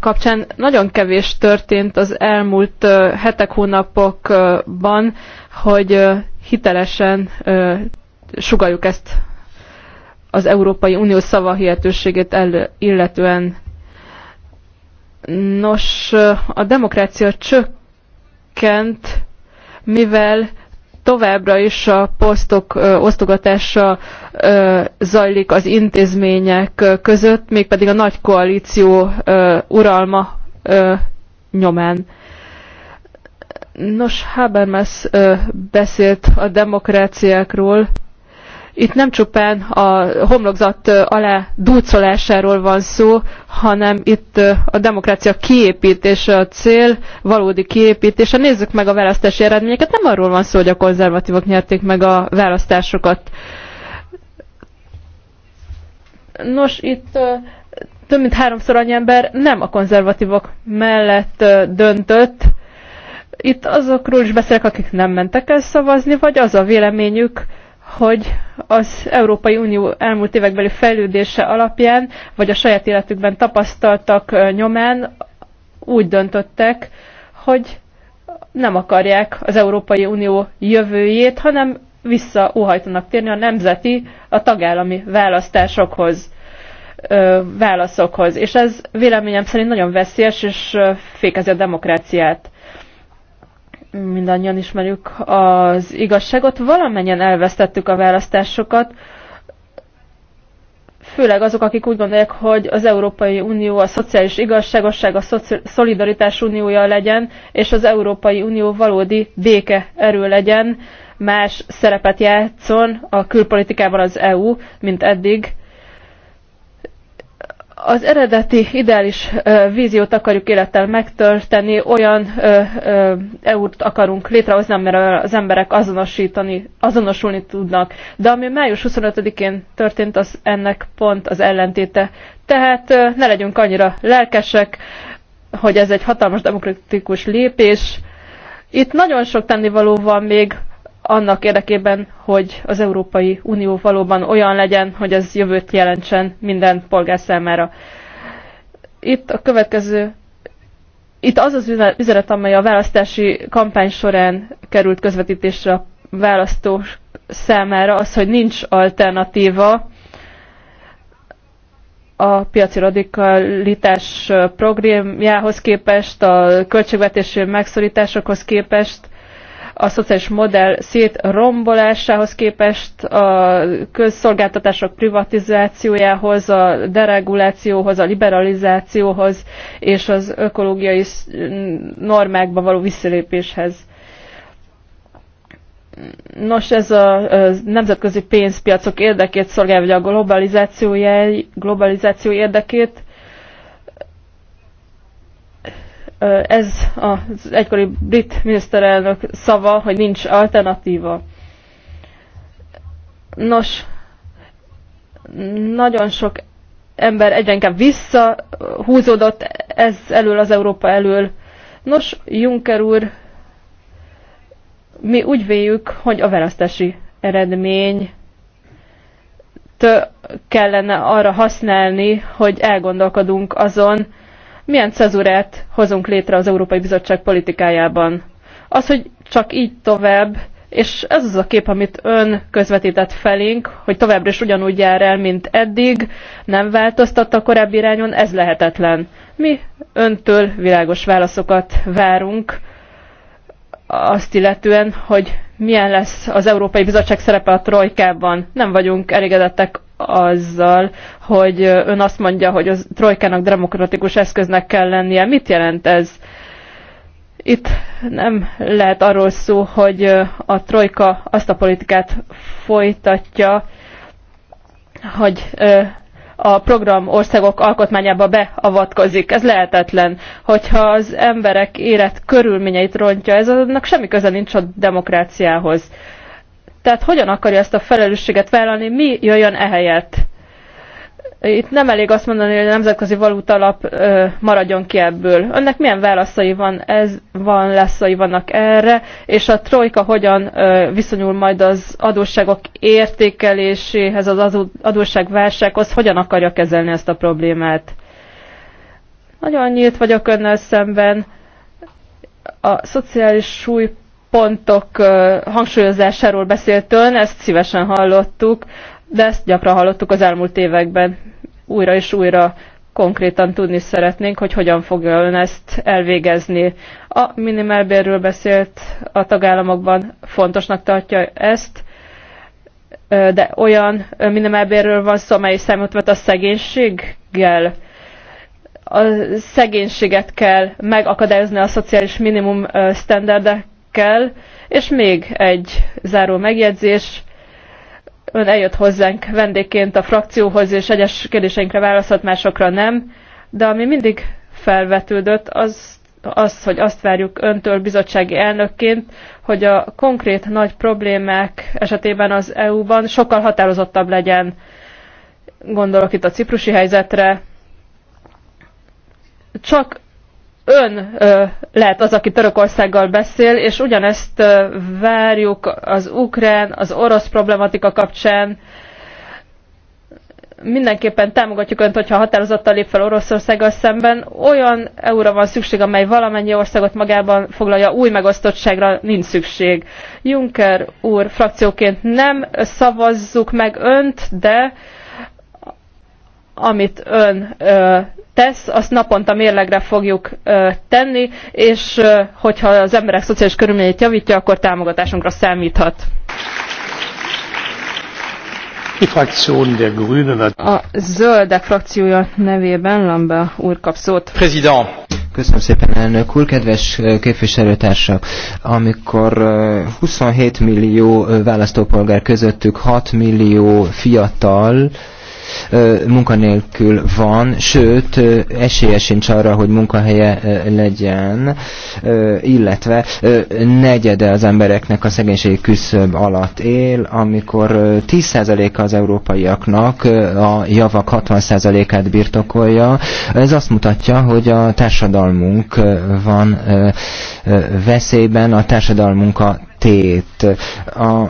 kapcsán nagyon kevés történt az elmúlt hetek, hónapokban, hogy hitelesen sugaljuk ezt az Európai Unió szavahihetőségét illetően. Nos, a demokrácia csökkent, mivel továbbra is a posztok osztogatása zajlik az intézmények között, mégpedig a nagy koalíció uralma nyomán. Nos, Habermas beszélt a demokráciákról, itt nem csupán a homlokzat alá dúcolásáról van szó, hanem itt a demokrácia kiépítése a cél, valódi kiépítése. Nézzük meg a választási eredményeket. Nem arról van szó, hogy a konzervatívok nyerték meg a választásokat. Nos, itt több mint háromszor annyi ember nem a konzervatívok mellett döntött. Itt azokról is beszélek, akik nem mentek el szavazni, vagy az a véleményük, hogy az Európai Unió elmúlt évekbeli fejlődése alapján, vagy a saját életükben tapasztaltak nyomán úgy döntöttek, hogy nem akarják az Európai Unió jövőjét, hanem visszaóhajtanak térni a nemzeti, a tagállami választásokhoz, válaszokhoz. És ez véleményem szerint nagyon veszélyes, és fékezi a demokráciát mindannyian ismerjük az igazságot, valamennyien elvesztettük a választásokat, főleg azok, akik úgy gondolják, hogy az Európai Unió a szociális igazságosság, a szoci szolidaritás uniója legyen, és az Európai Unió valódi béke erő legyen, más szerepet játszon a külpolitikában az EU, mint eddig, az eredeti ideális víziót akarjuk élettel megtölteni, olyan EU-t akarunk létrehozni, amire az emberek azonosítani, azonosulni tudnak. De ami május 25-én történt, az ennek pont az ellentéte. Tehát ne legyünk annyira lelkesek, hogy ez egy hatalmas demokratikus lépés. Itt nagyon sok tennivaló van még, annak érdekében, hogy az Európai Unió valóban olyan legyen, hogy ez jövőt jelentsen minden polgár számára. Itt a következő itt az az üzenet, amely a választási kampány során került közvetítésre a választó számára, az, hogy nincs alternatíva a piaci radikalitás programjához képest, a költségvetési megszorításokhoz képest, a szociális modell szétrombolásához képest, a közszolgáltatások privatizációjához, a deregulációhoz, a liberalizációhoz és az ökológiai normákba való visszalépéshez. Nos, ez a, nemzetközi pénzpiacok érdekét szolgálja a globalizáció, globalizáció érdekét, ez az egykori brit miniszterelnök szava, hogy nincs alternatíva. Nos, nagyon sok ember egyre inkább visszahúzódott ez elől az Európa elől. Nos, Juncker úr, mi úgy véljük, hogy a választási eredmény kellene arra használni, hogy elgondolkodunk azon, milyen cezurát hozunk létre az Európai Bizottság politikájában. Az, hogy csak így tovább, és ez az a kép, amit ön közvetített felénk, hogy továbbra is ugyanúgy jár el, mint eddig, nem változtatta a korábbi irányon, ez lehetetlen. Mi öntől világos válaszokat várunk, azt illetően, hogy milyen lesz az Európai Bizottság szerepe a trojkában. Nem vagyunk elégedettek azzal, hogy ön azt mondja, hogy a trojkának demokratikus eszköznek kell lennie. Mit jelent ez? Itt nem lehet arról szó, hogy a trojka azt a politikát folytatja, hogy a program országok alkotmányába beavatkozik. Ez lehetetlen, hogyha az emberek élet körülményeit rontja, ez annak semmi köze nincs a demokráciához. Tehát hogyan akarja ezt a felelősséget vállalni, mi jöjjön ehelyett? Itt nem elég azt mondani, hogy a nemzetközi alap maradjon ki ebből. Önnek milyen válaszai van, ez van, leszai vannak erre, és a trojka hogyan ö, viszonyul majd az adósságok értékeléséhez, az adósságválsághoz, hogyan akarja kezelni ezt a problémát? Nagyon nyílt vagyok önnel szemben. A szociális súly pontok hangsúlyozásáról beszélt ön, ezt szívesen hallottuk, de ezt gyakran hallottuk az elmúlt években újra és újra konkrétan tudni szeretnénk, hogy hogyan fogja ön ezt elvégezni. A minimálbérről beszélt a tagállamokban, fontosnak tartja ezt, de olyan minimálbérről van szó, amely számot vet a szegénységgel. A szegénységet kell megakadályozni a szociális minimum standardek kell. És még egy záró megjegyzés. Ön eljött hozzánk vendégként a frakcióhoz, és egyes kérdéseinkre választhat, másokra nem. De ami mindig felvetődött, az az, hogy azt várjuk öntől bizottsági elnökként, hogy a konkrét nagy problémák esetében az EU-ban sokkal határozottabb legyen. Gondolok itt a ciprusi helyzetre. Csak ön ö, lehet az, aki Törökországgal beszél, és ugyanezt ö, várjuk az ukrán, az orosz problematika kapcsán. Mindenképpen támogatjuk önt, hogyha határozottan lép fel Oroszországgal szemben. Olyan euróra van szükség, amely valamennyi országot magában foglalja, új megosztottságra nincs szükség. Juncker úr, frakcióként nem szavazzuk meg önt, de amit ön ö, tesz, azt naponta mérlegre fogjuk tenni, és hogyha az emberek szociális körülményeit javítja, akkor támogatásunkra számíthat. A zöldek frakciója nevében Lambe úr kap szót. President. Köszönöm szépen, elnök úr, kedves képviselőtársak! Amikor 27 millió választópolgár közöttük 6 millió fiatal, munkanélkül van, sőt, esélye sincs arra, hogy munkahelye legyen, illetve negyede az embereknek a szegénység küszöb alatt él, amikor 10 az európaiaknak a javak 60%-át birtokolja. Ez azt mutatja, hogy a társadalmunk van veszélyben, a társadalmunk a tét. A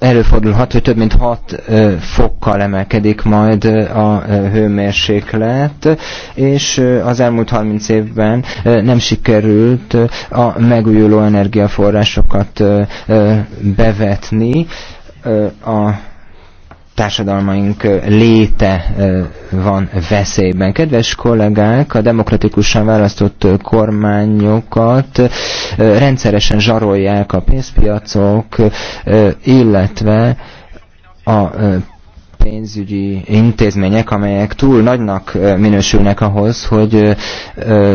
előfordulhat, hogy több mint 6 fokkal emelkedik majd a hőmérséklet, és az elmúlt 30 évben nem sikerült a megújuló energiaforrásokat bevetni a társadalmaink léte van veszélyben. Kedves kollégák, a demokratikusan választott kormányokat rendszeresen zsarolják a pénzpiacok, illetve a pénzügyi intézmények, amelyek túl nagynak minősülnek ahhoz, hogy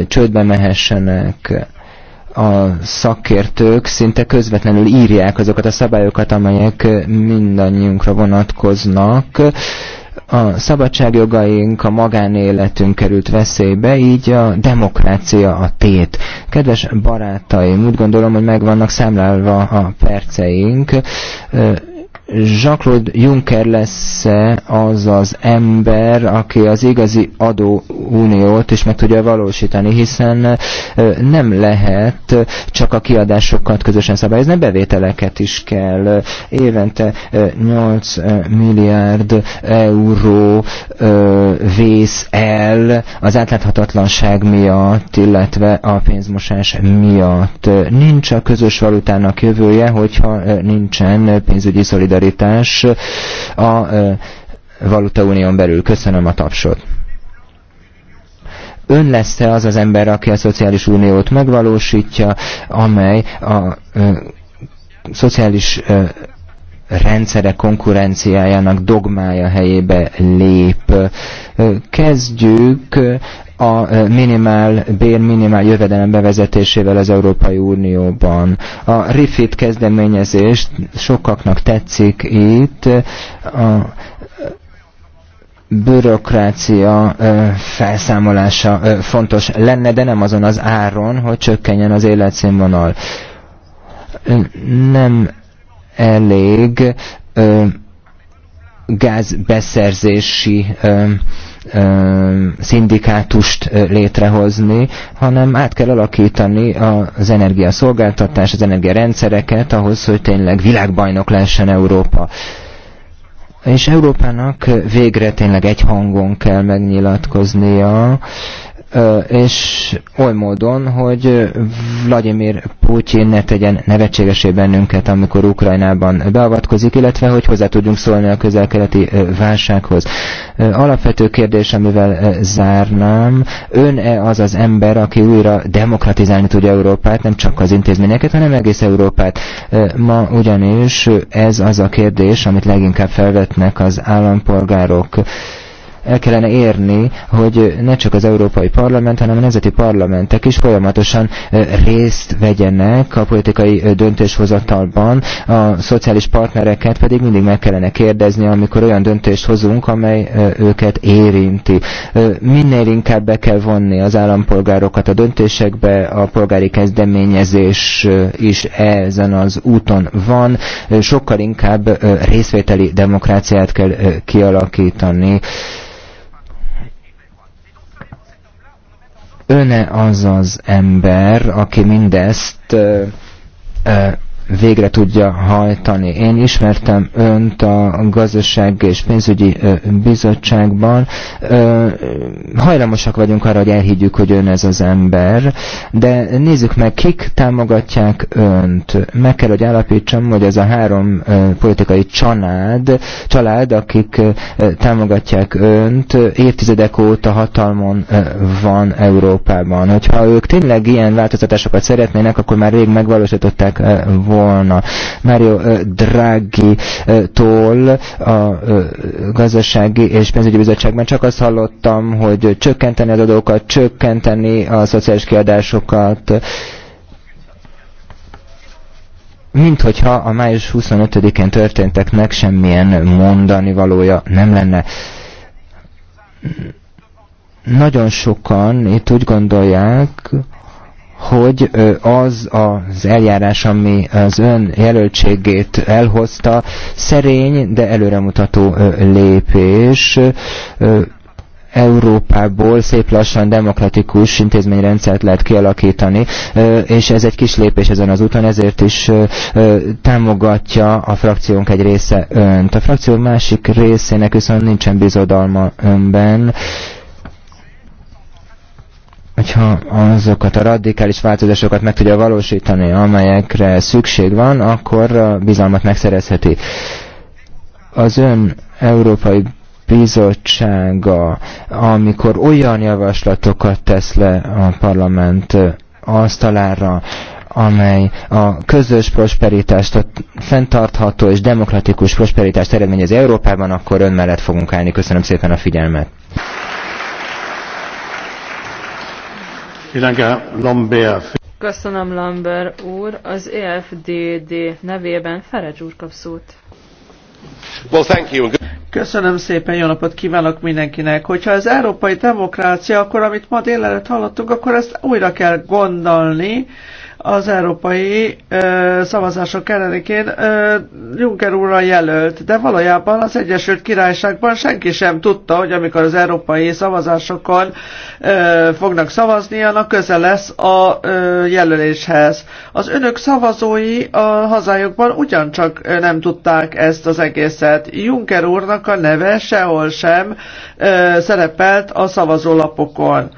csődbe mehessenek a szakértők szinte közvetlenül írják azokat a szabályokat, amelyek mindannyiunkra vonatkoznak. A szabadságjogaink, a magánéletünk került veszélybe, így a demokrácia a tét. Kedves barátaim, úgy gondolom, hogy megvannak számlálva a perceink Jean-Claude Juncker lesz -e az az ember, aki az igazi adóuniót is meg tudja valósítani, hiszen nem lehet csak a kiadásokat közösen szabályozni, bevételeket is kell. Évente 8 milliárd euró vész el az átláthatatlanság miatt, illetve a pénzmosás miatt. Nincs a közös valutának jövője, hogyha nincsen pénzügyi szolidaritás szolidaritás a valutaunión belül. Köszönöm a tapsot. Ön lesz-e az az ember, aki a szociális uniót megvalósítja, amely a ö, szociális ö, rendszere konkurenciájának dogmája helyébe lép. Kezdjük a e, minimál bér, minimál jövedelem bevezetésével az Európai Unióban. A RIFIT kezdeményezést sokaknak tetszik itt, a bürokrácia e, felszámolása e, fontos lenne, de nem azon az áron, hogy csökkenjen az életszínvonal. Nem elég gázbeszerzési Ehm, szindikátust létrehozni, hanem át kell alakítani az energiaszolgáltatás, az energiarendszereket ahhoz, hogy tényleg világbajnok lehessen Európa. És Európának végre tényleg egy hangon kell megnyilatkoznia, és oly módon, hogy Vladimir Putyin ne tegyen nevetségesé bennünket, amikor Ukrajnában beavatkozik, illetve hogy hozzá tudjunk szólni a közel-keleti válsághoz. Alapvető kérdés, amivel zárnám, ön-e az az ember, aki újra demokratizálni tudja Európát, nem csak az intézményeket, hanem egész Európát? Ma ugyanis ez az a kérdés, amit leginkább felvetnek az állampolgárok el kellene érni, hogy ne csak az Európai Parlament, hanem a nemzeti parlamentek is folyamatosan részt vegyenek a politikai döntéshozatalban, a szociális partnereket pedig mindig meg kellene kérdezni, amikor olyan döntést hozunk, amely őket érinti. Minél inkább be kell vonni az állampolgárokat a döntésekbe, a polgári kezdeményezés is ezen az úton van, sokkal inkább részvételi demokráciát kell kialakítani. öne az az ember, aki mindezt végre tudja hajtani. Én ismertem önt a gazdaság és pénzügyi bizottságban. Hajlamosak vagyunk arra, hogy elhiggyük, hogy ön ez az ember, de nézzük meg, kik támogatják önt. Meg kell, hogy állapítsam, hogy ez a három politikai család, család akik támogatják önt, évtizedek óta hatalmon van Európában. Hogyha ők tényleg ilyen változtatásokat szeretnének, akkor már rég megvalósították volna volna. Mario Draghi-tól a gazdasági és pénzügyi bizottságban csak azt hallottam, hogy csökkenteni az adókat, csökkenteni a szociális kiadásokat, mint hogyha a május 25-én történteknek semmilyen mondani valója nem lenne. Nagyon sokan itt úgy gondolják, hogy az az eljárás, ami az ön jelöltségét elhozta, szerény, de előremutató lépés. Európából szép lassan demokratikus intézményrendszert lehet kialakítani, és ez egy kis lépés ezen az úton, ezért is támogatja a frakciónk egy része önt. A frakció másik részének viszont nincsen bizodalma önben, hogyha azokat a radikális változásokat meg tudja valósítani, amelyekre szükség van, akkor a bizalmat megszerezheti. Az ön Európai Bizottsága, amikor olyan javaslatokat tesz le a parlament asztalára, amely a közös prosperitást, a fenntartható és demokratikus prosperitást eredményez Európában, akkor ön mellett fogunk állni. Köszönöm szépen a figyelmet! Köszönöm, Lambert úr. Az EFDD nevében Ferecs úr kap szót. Well, thank you. Köszönöm szépen, jó napot kívánok mindenkinek. Hogyha az európai demokrácia, akkor amit ma délelőtt hallottunk, akkor ezt újra kell gondolni, az európai ö, szavazások ellenében Juncker úrral jelölt, de valójában az Egyesült Királyságban senki sem tudta, hogy amikor az európai szavazásokon ö, fognak szavazni, annak köze lesz a ö, jelöléshez. Az önök szavazói a hazájukban ugyancsak nem tudták ezt az egészet. Juncker úrnak a neve sehol sem ö, szerepelt a szavazólapokon.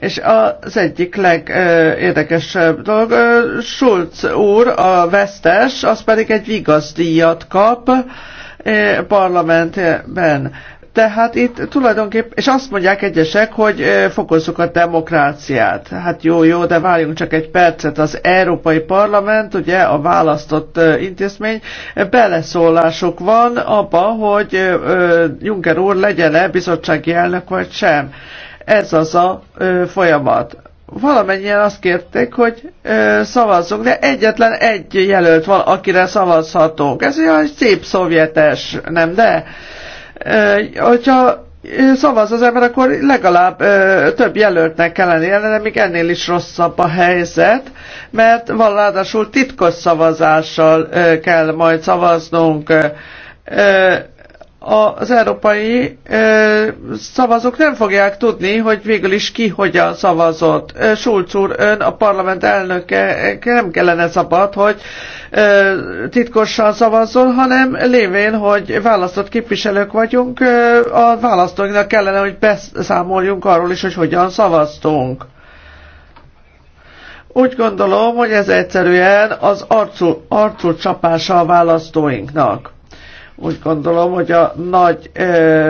És az egyik legérdekesebb dolog, Schulz úr, a vesztes, az pedig egy vigaszdíjat kap parlamentben. Tehát itt tulajdonképp, és azt mondják egyesek, hogy fokozzuk a demokráciát. Hát jó, jó, de várjunk csak egy percet. Az Európai Parlament, ugye a választott intézmény, beleszólások van abba, hogy Juncker úr legyen-e bizottsági elnök vagy sem. Ez az a folyamat. Valamennyien azt kérték, hogy ö, szavazzunk, de egyetlen egy jelölt van, akire szavazhatunk. Ez olyan szép szovjetes, nem de? Ö, hogyha szavaz az ember, akkor legalább ö, több jelöltnek kellene jelenni, de még ennél is rosszabb a helyzet, mert valadásul titkos szavazással ö, kell majd szavaznunk. Ö, ö, az európai ö, szavazók nem fogják tudni, hogy végül is ki hogyan szavazott. Schulz úr, ön a parlament elnöke nem kellene szabad, hogy ö, titkosan szavazzon, hanem lévén, hogy választott képviselők vagyunk, ö, a választóinknak kellene, hogy beszámoljunk arról is, hogy hogyan szavaztunk. Úgy gondolom, hogy ez egyszerűen az arcú, arcú csapása a választóinknak. Úgy gondolom, hogy a nagy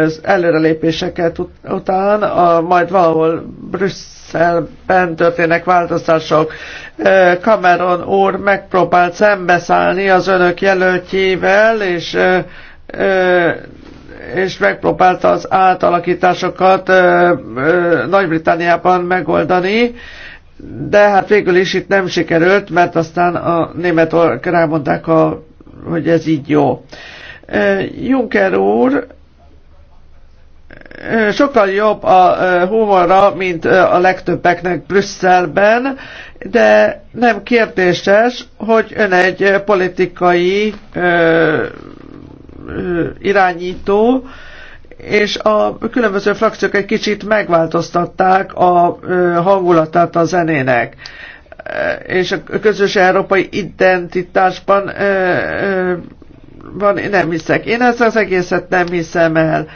az előrelépéseket ut után a, majd valahol Brüsszelben történnek változások. Cameron úr megpróbált szembeszállni az önök jelöltjével, és és megpróbálta az átalakításokat Nagy-Britániában megoldani, de hát végül is itt nem sikerült, mert aztán a németok rámondták, a, hogy ez így jó. Juncker úr sokkal jobb a humorra, mint a legtöbbeknek Brüsszelben, de nem kérdéses, hogy ön egy politikai irányító, és a különböző frakciók egy kicsit megváltoztatták a hangulatát a zenének és a közös európai identitásban van, én nem hiszek. Én ezt az egészet nem hiszem el.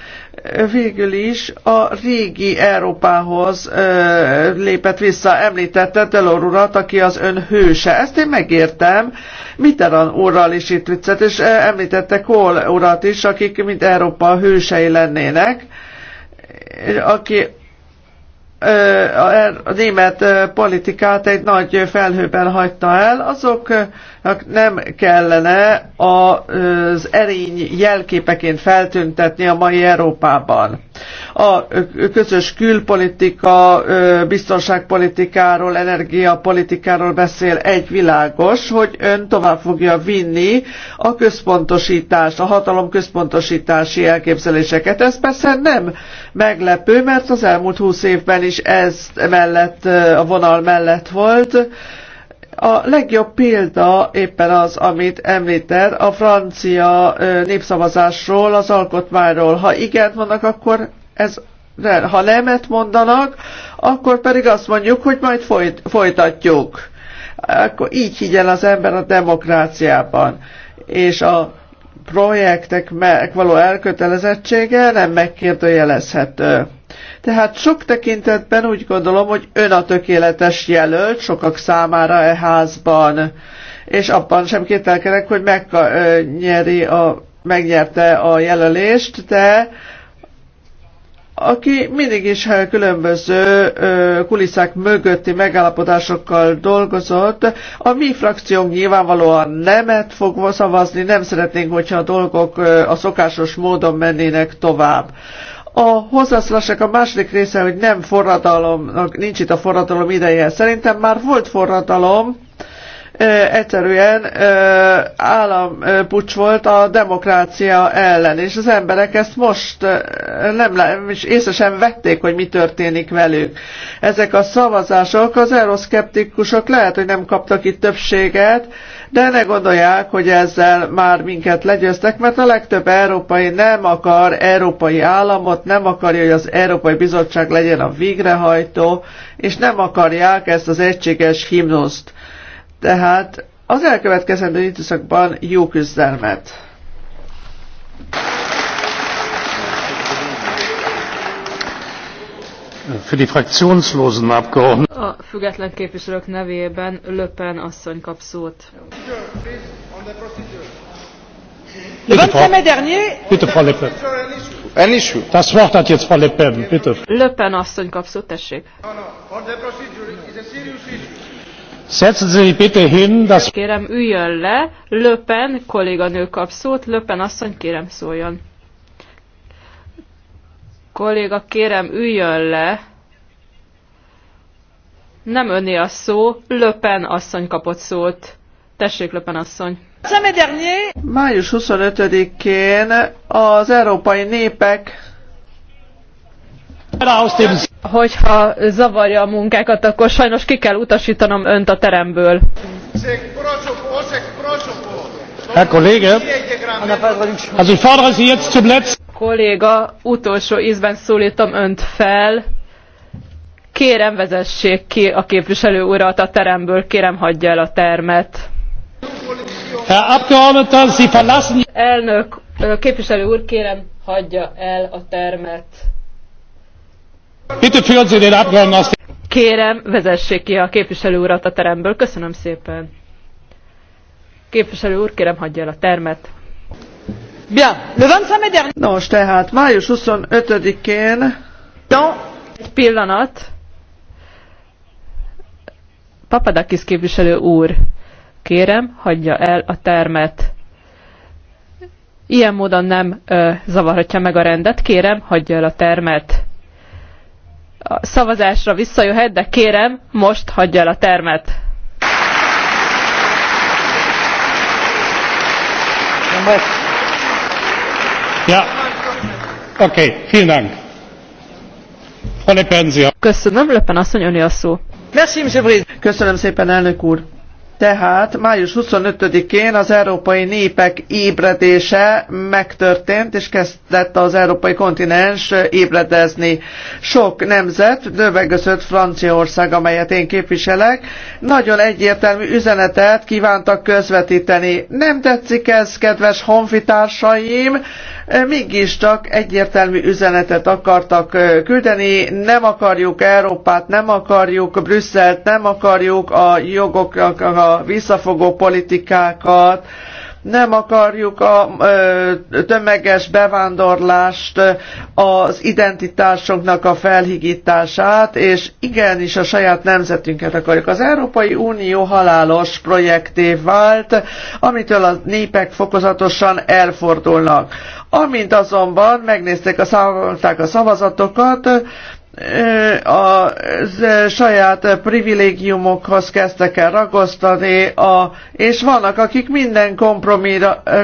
Végül is a régi Európához ö, lépett vissza, említette Delor urat, aki az ön hőse. Ezt én megértem. Mitterrand úrral is itt viccet, és említette Kohl urat is, akik mind Európa hősei lennének, aki a német politikát egy nagy felhőben hagyta el, azoknak nem kellene az erény jelképeként feltüntetni a mai Európában. A közös külpolitika, biztonságpolitikáról, energiapolitikáról beszél egy világos, hogy ön tovább fogja vinni a központosítás, a hatalom központosítási elképzeléseket. Ez persze nem meglepő, mert az elmúlt húsz évben is is ez mellett, a vonal mellett volt. A legjobb példa éppen az, amit említett, a francia népszavazásról, az alkotmányról. Ha igent mondanak, akkor ez de ha nemet mondanak, akkor pedig azt mondjuk, hogy majd folyt, folytatjuk. Akkor így higgyen az ember a demokráciában. És a projektek való elkötelezettsége nem megkérdőjelezhető. Tehát sok tekintetben úgy gondolom, hogy ön a tökéletes jelölt sokak számára e házban, és abban sem kételkedek, hogy megnyeri a, megnyerte a jelölést, de aki mindig is különböző kulisszák mögötti megállapodásokkal dolgozott. A mi frakciónk nyilvánvalóan nemet fog szavazni, nem szeretnénk, hogyha a dolgok a szokásos módon mennének tovább. A hozzászólásnak a második része, hogy nem forradalom, nincs itt a forradalom ideje. Szerintem már volt forradalom, egyszerűen állampucs volt a demokrácia ellen, és az emberek ezt most nem, és észre sem vették, hogy mi történik velük. Ezek a szavazások, az euroszkeptikusok lehet, hogy nem kaptak itt többséget, de ne gondolják, hogy ezzel már minket legyőztek, mert a legtöbb európai nem akar európai államot, nem akarja, hogy az Európai Bizottság legyen a végrehajtó, és nem akarják ezt az egységes himnuszt. Tehát az elkövetkezendő időszakban jó küzdelmet! A független képviselők nevében Löpen asszony kap szót. Das Wort hat jetzt Frau Le Pen, bitte. Le Pen asszony kap szót, tessék. Setzen Sie sich bitte hin, Kérem, üljön le. Löpen kolléganő kap szót. Löpen asszony, kérem szóljon. Kolléga, kérem, üljön le. Nem öné a szó. Löpen asszony kapott szót. Tessék, Löpen asszony. Május 25-én az európai népek Hogyha zavarja a munkákat, akkor sajnos ki kell utasítanom önt a teremből. Herr Kollege, also ich fordere Sie jetzt zum letzten... Kolléga, utolsó ízben szólítom önt fel. Kérem, vezessék ki a képviselő urat a teremből, kérem hagyja el a termet. Herr Abgeordneter, Sie verlassen... Elnök, képviselő úr, kérem hagyja el a termet. Kérem, vezessék ki a képviselő urat a teremből. Köszönöm szépen. Képviselő úr, kérem hagyja el a termet. Bien, le 25 Nos, tehát május 25-én... Egy pillanat. Papadakis képviselő úr, kérem, hagyja el a termet. Ilyen módon nem ö, zavarhatja meg a rendet, kérem, hagyja el a termet a szavazásra visszajöhet, de kérem, most hagyja el a termet. Ja. Oké, okay, vielen Dank. Köszönöm, Löpen asszony, öni a szó. Köszönöm szépen, elnök úr. Tehát május 25-én az európai népek ébredése megtörtént, és kezdett az európai kontinens ébredezni. Sok nemzet, növegözött Franciaország, amelyet én képviselek, nagyon egyértelmű üzenetet kívántak közvetíteni. Nem tetszik ez, kedves honfitársaim, mégiscsak egyértelmű üzenetet akartak küldeni, nem akarjuk Európát, nem akarjuk Brüsszelt, nem akarjuk a jogoknak a visszafogó politikákat, nem akarjuk a ö, tömeges bevándorlást, az identitásunknak a felhigítását, és igenis a saját nemzetünket akarjuk. Az Európai Unió halálos projekté vált, amitől a népek fokozatosan elfordulnak. Amint azonban megnézték a, a szavazatokat, a saját privilégiumokhoz kezdtek el ragasztani, a, és vannak, akik minden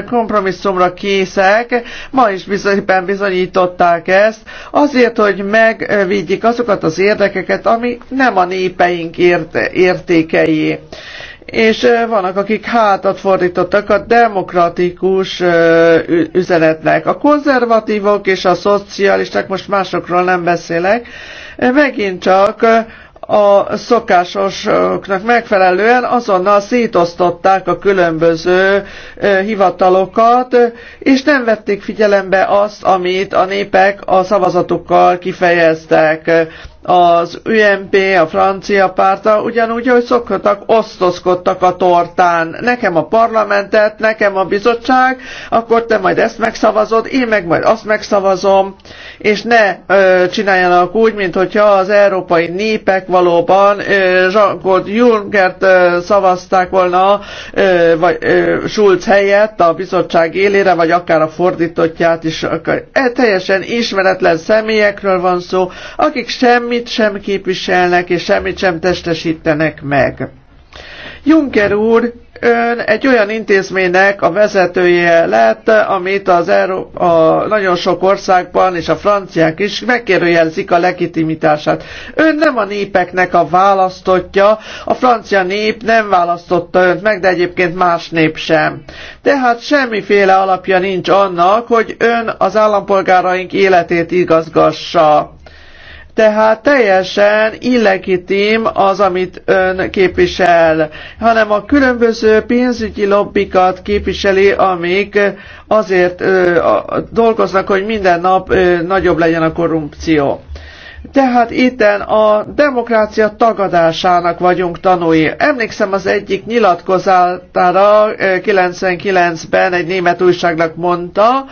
kompromisszumra készek, ma is bizonyban bizonyították ezt, azért, hogy megvédjék azokat az érdekeket, ami nem a népeink ért, értékei és vannak, akik hátat fordítottak a demokratikus üzenetnek. A konzervatívok és a szocialisták, most másokról nem beszélek, megint csak a szokásosoknak megfelelően azonnal szétosztották a különböző hivatalokat, és nem vették figyelembe azt, amit a népek a szavazatukkal kifejeztek az UMP, a francia párta, ugyanúgy, hogy szokhatak, osztozkodtak a tortán. Nekem a parlamentet, nekem a bizottság, akkor te majd ezt megszavazod, én meg majd azt megszavazom, és ne ö, csináljanak úgy, mint hogyha az európai népek valóban Jean-Claude Junckert ö, szavazták volna, ö, vagy ö, Schulz helyett a bizottság élére, vagy akár a fordítottját is. Akár. E, teljesen ismeretlen személyekről van szó, akik semmi semmit sem képviselnek, és semmit sem testesítenek meg. Juncker úr ön egy olyan intézménynek a vezetője lett, amit az Euró- a nagyon sok országban, és a franciák is megkérdőjelzik a legitimitását. Ön nem a népeknek a választotja, a francia nép nem választotta önt meg, de egyébként más nép sem. Tehát semmiféle alapja nincs annak, hogy ön az állampolgáraink életét igazgassa tehát teljesen illegitim az, amit ön képvisel, hanem a különböző pénzügyi lobbikat képviseli, amik azért dolgoznak, hogy minden nap nagyobb legyen a korrupció. Tehát itten a demokrácia tagadásának vagyunk tanúi. Emlékszem az egyik nyilatkozatára 99-ben egy német újságnak mondta,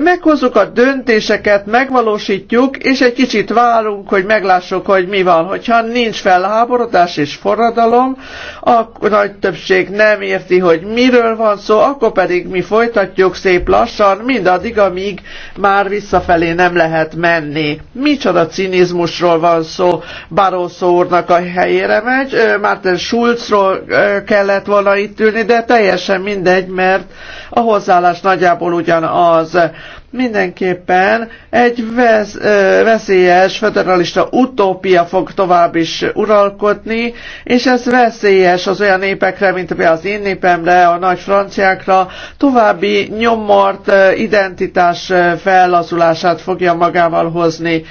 Meghozzuk a döntéseket, megvalósítjuk, és egy kicsit várunk, hogy meglássuk, hogy mi van. Hogyha nincs felháborodás és forradalom, a nagy többség nem érti, hogy miről van szó, akkor pedig mi folytatjuk szép lassan, mindaddig, amíg már visszafelé nem lehet menni. Micsoda cinizmusról van szó, Barroso úrnak a helyére megy, Martin Schulzról kellett volna itt ülni, de teljesen mindegy, mert a hozzáállás nagyjából ugyanaz az. Mindenképpen egy vesz, veszélyes federalista utópia fog tovább is uralkodni, és ez veszélyes az olyan népekre, mint például az én népemre, a nagy franciákra, további nyomort, identitás fellazulását fogja magával hozni.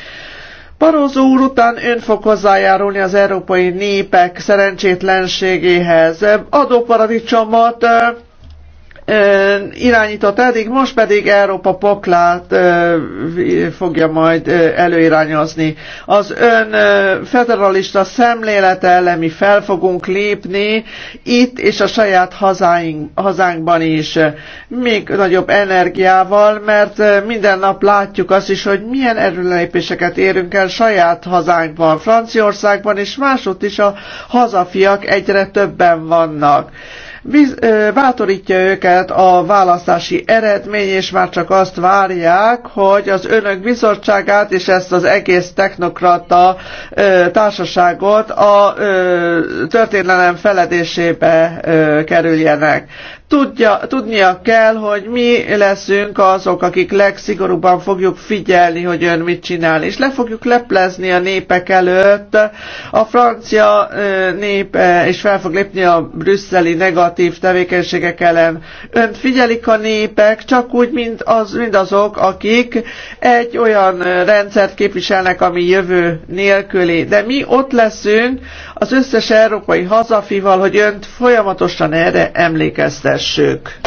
Barózó úr után ön fog hozzájárulni az európai népek szerencsétlenségéhez. Adóparadicsomot irányított eddig, most pedig Európa poklát fogja majd előirányozni. Az ön federalista szemlélete ellen mi fel fogunk lépni itt és a saját hazáink, hazánkban is még nagyobb energiával, mert minden nap látjuk azt is, hogy milyen erőlépéseket érünk el saját hazánkban, Franciaországban és másott is a hazafiak egyre többen vannak biz, bátorítja őket a választási eredmény, és már csak azt várják, hogy az önök bizottságát és ezt az egész technokrata társaságot a történelem feledésébe kerüljenek. Tudja, tudnia kell, hogy mi leszünk azok, akik legszigorúbban fogjuk figyelni, hogy ön mit csinál, és le fogjuk leplezni a népek előtt. A francia nép, és fel fog lépni a brüsszeli negatív tevékenységek ellen. Önt figyelik a népek, csak úgy, mint az, azok, akik egy olyan rendszert képviselnek, ami jövő nélküli. De mi ott leszünk az összes európai hazafival, hogy önt folyamatosan erre emlékeztes. Megszüntessük!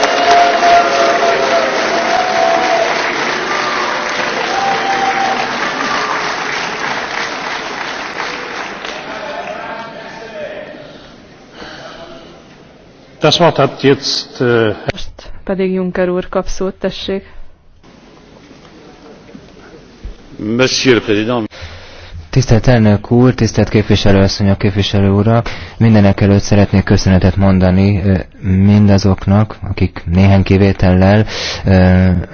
Das Wort hat jetzt, äh... Most pedig Juncker úr kap szót, tessék. Monsieur le Président. Tisztelt elnök úr, tisztelt képviselőasszonyok, képviselő urak, mindenek előtt szeretnék köszönetet mondani mindazoknak, akik néhány kivétellel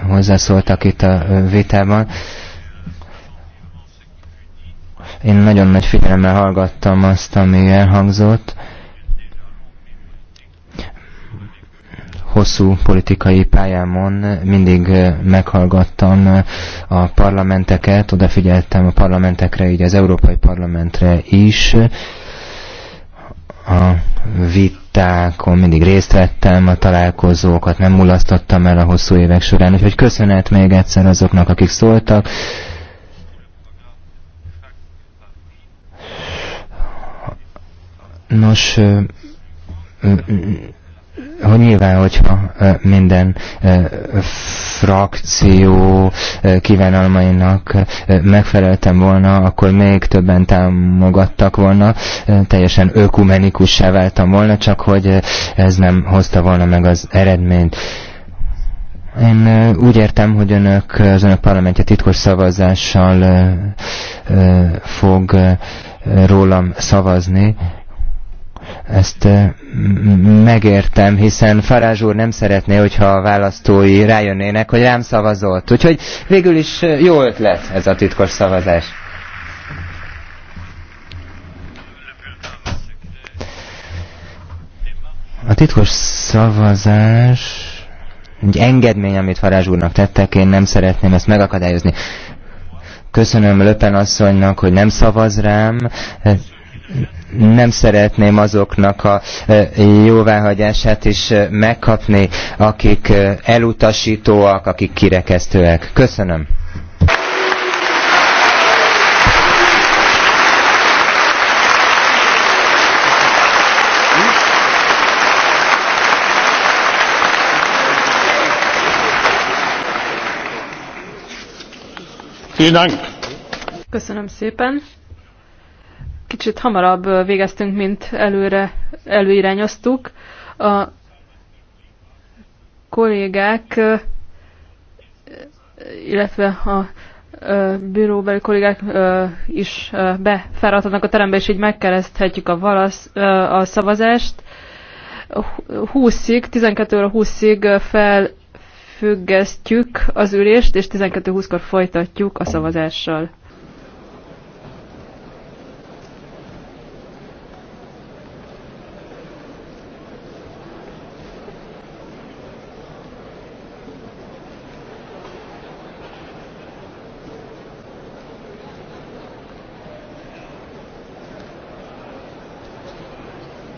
hozzászóltak itt a vitában. Én nagyon nagy figyelemmel hallgattam azt, ami elhangzott. hosszú politikai pályámon mindig eh, meghallgattam eh, a parlamenteket, odafigyeltem a parlamentekre, így az Európai Parlamentre is. A vitákon mindig részt vettem, a találkozókat nem mulasztottam el a hosszú évek során, úgyhogy köszönet még egyszer azoknak, akik szóltak. Nos, eh, hogy nyilván, hogyha minden frakció kívánalmainak megfeleltem volna, akkor még többen támogattak volna, teljesen ökumenikussá váltam volna, csak hogy ez nem hozta volna meg az eredményt. Én úgy értem, hogy önök, az önök parlamentje titkos szavazással fog rólam szavazni, ezt eh, megértem, hiszen Farázs úr nem szeretné, hogyha a választói rájönnének, hogy rám szavazott. Úgyhogy végül is eh, jó ötlet ez a titkos szavazás. A titkos szavazás egy engedmény, amit Farázs úrnak tettek, én nem szeretném ezt megakadályozni. Köszönöm Löpen asszonynak, hogy nem szavaz rám nem szeretném azoknak a e, jóváhagyását is e, megkapni, akik e, elutasítóak, akik kirekesztőek. Köszönöm. Köszönöm szépen kicsit hamarabb végeztünk, mint előre előirányoztuk. A kollégák, illetve a bíróbeli kollégák is befáradhatnak a terembe, és így megkereszthetjük a, valasz, a szavazást. 20-ig, 12 óra 20-ig felfüggesztjük az ülést, és 12-20-kor folytatjuk a szavazással.